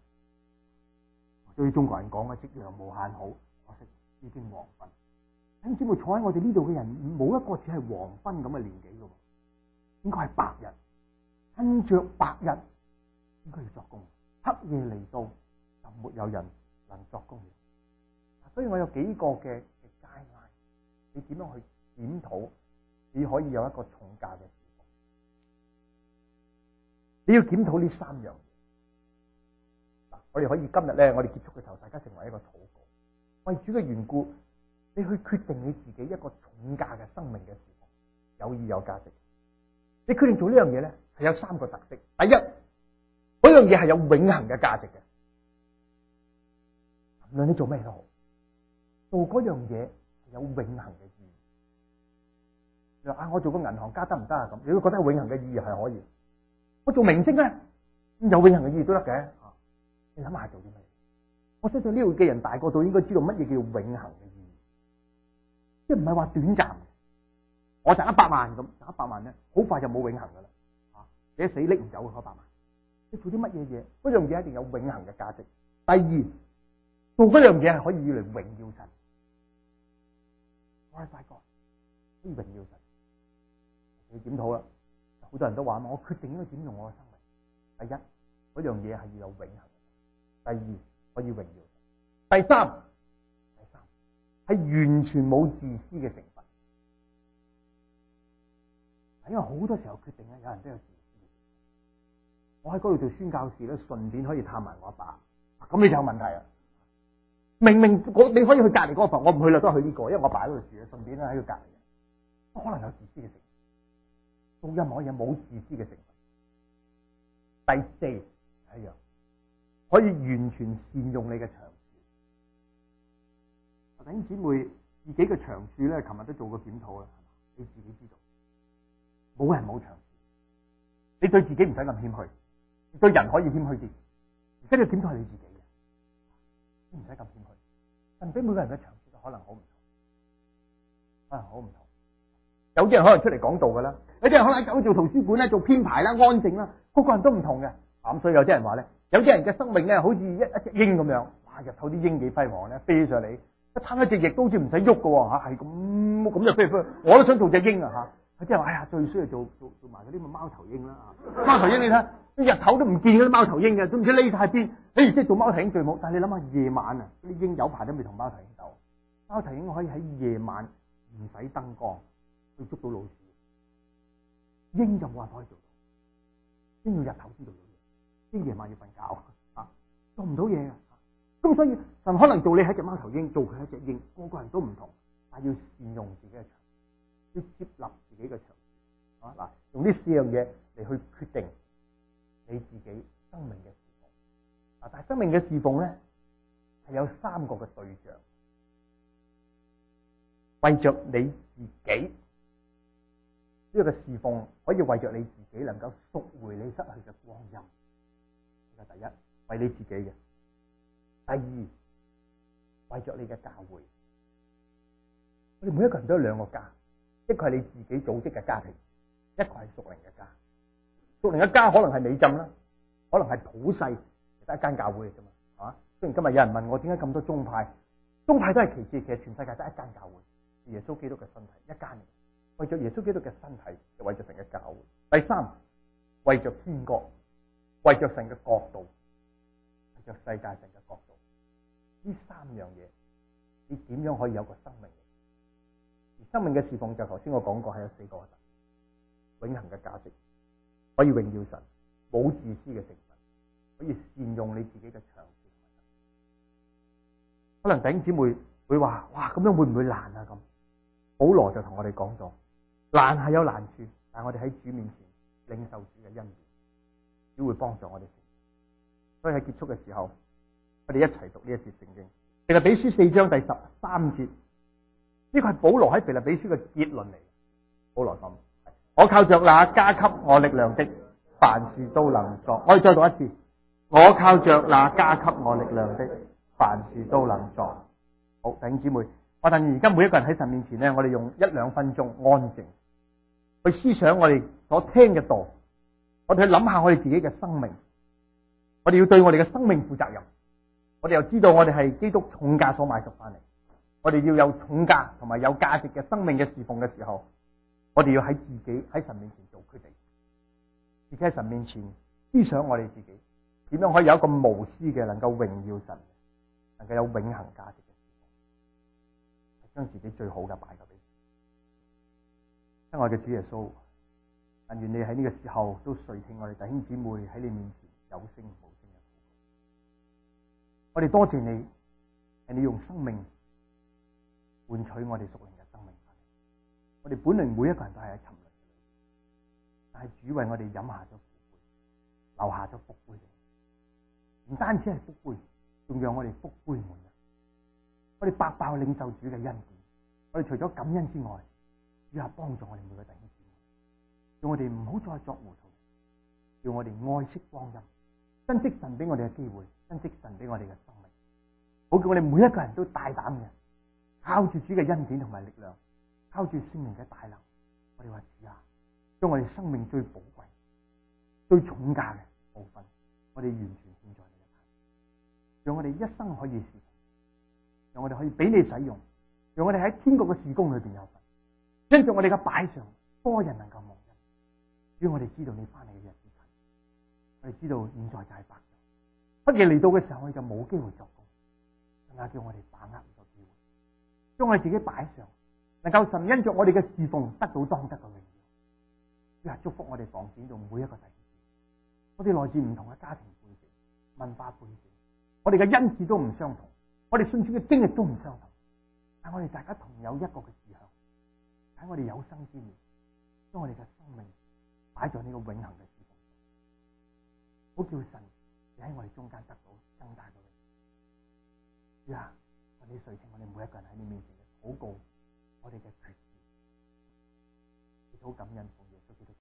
[SPEAKER 1] 對於中國人講嘅夕陽無限好，可惜已經黃昏。啱先，坐我坐喺我哋呢度嘅人，冇一個似係黃昏咁嘅年紀嘅，應該係白日，趁著白日，應該要作工。黑夜嚟到，就沒有人能作工。嘅所以，我有幾個嘅戒律，你點樣去檢討，你可以有一個重價嘅。你要檢討呢三樣嘢，我哋可以今日咧，我哋結束嘅時候，大家成為一個禱告，為主嘅緣故。你去決定你自己一個重價嘅生命嘅時候，有意義有價值。你決定做呢樣嘢咧，係有三個特色。第一，嗰樣嘢係有永恆嘅價值嘅。無論你做咩都好，做嗰樣嘢係有永恆嘅意義。你話啊，我做個銀行家得唔得啊？咁你會覺得永恆嘅意義係可以。我做明星咧，有永恆嘅意義都得嘅。你諗下做啲咩？我相信呢度嘅人，大個都應該知道乜嘢叫永恆嘅。即唔係話短暫，我賺一百萬咁一百萬咧，好快就冇永恆噶啦，你、啊、死拎唔走嗰百萬。你做啲乜嘢嘢？嗰樣嘢一定有永恆嘅價值。第二，做嗰樣嘢係可以以嚟榮耀神。我話大哥，可以榮耀神，你檢討啦。好多人都話啊，我決定應該點用我嘅生命。第一，嗰樣嘢係要有永恆。第二，可以榮耀神。第三。係完全冇自私嘅成分，因為好多時候決定咧，有人都有自私。我喺嗰度做宣教士咧，順便可以探埋我阿爸，爸，咁你就有問題啦。明明你可以去隔籬嗰個房，我唔去啦，都係去呢個，因為我阿爸喺度住啊，順便咧喺度隔籬，可能有自私嘅成分。做任何嘢冇自私嘅成分。第四一樣，可以完全善用你嘅長。弟兄姊妹，自己嘅長處咧，琴日都做過檢討啦。你自己知道，冇人冇長處。你對自己唔使咁謙虛，你對人可以謙虛啲。唔使嘅檢討係你自己嘅，唔使咁謙虛。但俾每個人嘅長處都可能好唔同啊，好唔同。有啲人可能出嚟講道嘅啦，有啲人可能喺狗做圖書館咧，做編排啦、安靜啦，個個人都唔同嘅。咁所以有啲人話咧，有啲人嘅生命咧，好似一隻一隻鷹咁樣，哇！入到啲鷹幾輝煌咧，飛上嚟。一攤一隻翼都好似唔使喐嘅喎嚇，係咁咁就飛飛，我都想做隻鷹啊嚇！即係話哎呀，最衰做做做埋嗰啲咪貓頭鷹啦嚇！ 貓頭鷹你睇，日頭都唔見嗰啲貓頭鷹嘅，都唔知匿晒邊。誒、哎、即係做貓頭鷹最冇，但係你諗下夜晚啊，啲鷹有排都未同貓頭鷹鬥。貓頭鷹可以喺夜晚唔使燈光去捉到老鼠，鷹就冇辦法可以做到。鷹要日頭先做到嘢，鷹夜晚要瞓覺啊，做唔到嘢啊！咁所以神可能做你係隻貓頭鷹，做佢係隻鷹，個個人都唔同，但係要善用自己嘅長，要接納自己嘅長啊嗱，用呢四樣嘢嚟去決定你自己生命嘅侍奉啊，但係生命嘅侍奉咧係有三個嘅對象，為着你自己呢個嘅侍奉可以為着你自己能夠贖回你失去嘅光陰，呢個第一為你自己嘅。第二，為着你嘅教會，我哋每一個人都有兩個家，一個係你自己組織嘅家庭，一個係屬靈嘅家。屬靈嘅家可能係美浸啦，可能係普世，得一間教會嚟啫嘛，係、啊、雖然今日有人問我點解咁多宗派，宗派都係其次，其實全世界得一間教會，耶穌基督嘅身體一間，為着耶穌基督嘅身體，為着神嘅教會。第三，為着天國，為着神嘅國度。着世界性嘅角度，呢三樣嘢，你點樣可以有個生命？而生命嘅侍奉就頭先我講過，係有四個神，永恒嘅價值，可以榮耀神，冇自私嘅成分，可以善用你自己嘅長處。可能弟兄姊妹會話：哇，咁樣會唔會難啊？咁，保羅就同我哋講咗，難係有難處，但係我哋喺主面前領受主嘅恩典，只會幫助我哋。所以喺結束嘅時候，我哋一齊讀呢一節聖經，腓立比書四章第十三節，呢個係保羅喺腓立比書嘅結論嚟。保羅講：我靠着那加給我力量的，凡事都能做。我哋再讀一次：我靠着那加給我力量的，凡事都能做。好，弟兄姊妹，我但而家每一個人喺神面前咧，我哋用一兩分鐘安靜去思想我哋所聽嘅道，我哋去諗下我哋自己嘅生命。我哋要對我哋嘅生命負責任，我哋又知道我哋係基督重價所買贖翻嚟，我哋要有重價同埋有價值嘅生命嘅侍奉嘅時候，我哋要喺自己喺神面前做決定，而且喺神面前思想我哋自己點樣可以有一個無私嘅能夠榮耀神，能夠有永恆價值嘅，將自己最好嘅擺咗俾神。親愛嘅主耶穌，但願你喺呢個時候都垂聽我哋弟兄姊妹喺你面前有聲無。我哋多謝你，係你用生命換取我哋屬靈嘅生命。我哋本嚟每一個人都係喺沉淪，但係主為我哋飲下咗苦杯，留下咗福，福杯，唔單止係福杯，仲讓我哋福杯滿人。我哋百倍領受主嘅恩典。我哋除咗感恩之外，主也幫助我哋每個弟兄姊妹，叫我哋唔好再作糊塗，叫我哋愛惜光陰，珍惜神俾我哋嘅機會。恩賜神俾我哋嘅生命，好叫我哋每一個人都大膽嘅，靠住主嘅恩典同埋力量，靠住聖靈嘅大能。我哋話主啊，將我哋生命最寶貴、最重價嘅部分，我哋完全獻在你嘅壇，讓我哋一生可以侍，讓我哋可以俾你使用，讓我哋喺天國嘅事工裏邊有份。因着我哋嘅擺上，多人能夠蒙恩，只要我哋知道你翻嚟嘅日子近，我哋知道現在大白。不期嚟到嘅時候，我哋就冇機會作工，更加叫我哋把握呢個機會，將我哋自己擺上，能夠神因着我哋嘅侍奉得到當得嘅榮耀，一係祝福我哋房子度每一個弟兄姊妹。我哋來自唔同嘅家庭背景、文化背景，我哋嘅恩賜都唔相同，我哋信主嘅經歷都唔相同，但我哋大家同有一個嘅志向，喺我哋有生之年，將我哋嘅生命擺在呢個永恆嘅事奉，好叫神。你喺我哋中間得到增大嘅力量，主啊，我哋垂聽我哋每一個人喺你面前嘅禱告，我們的，我哋嘅決志，亦都感恩。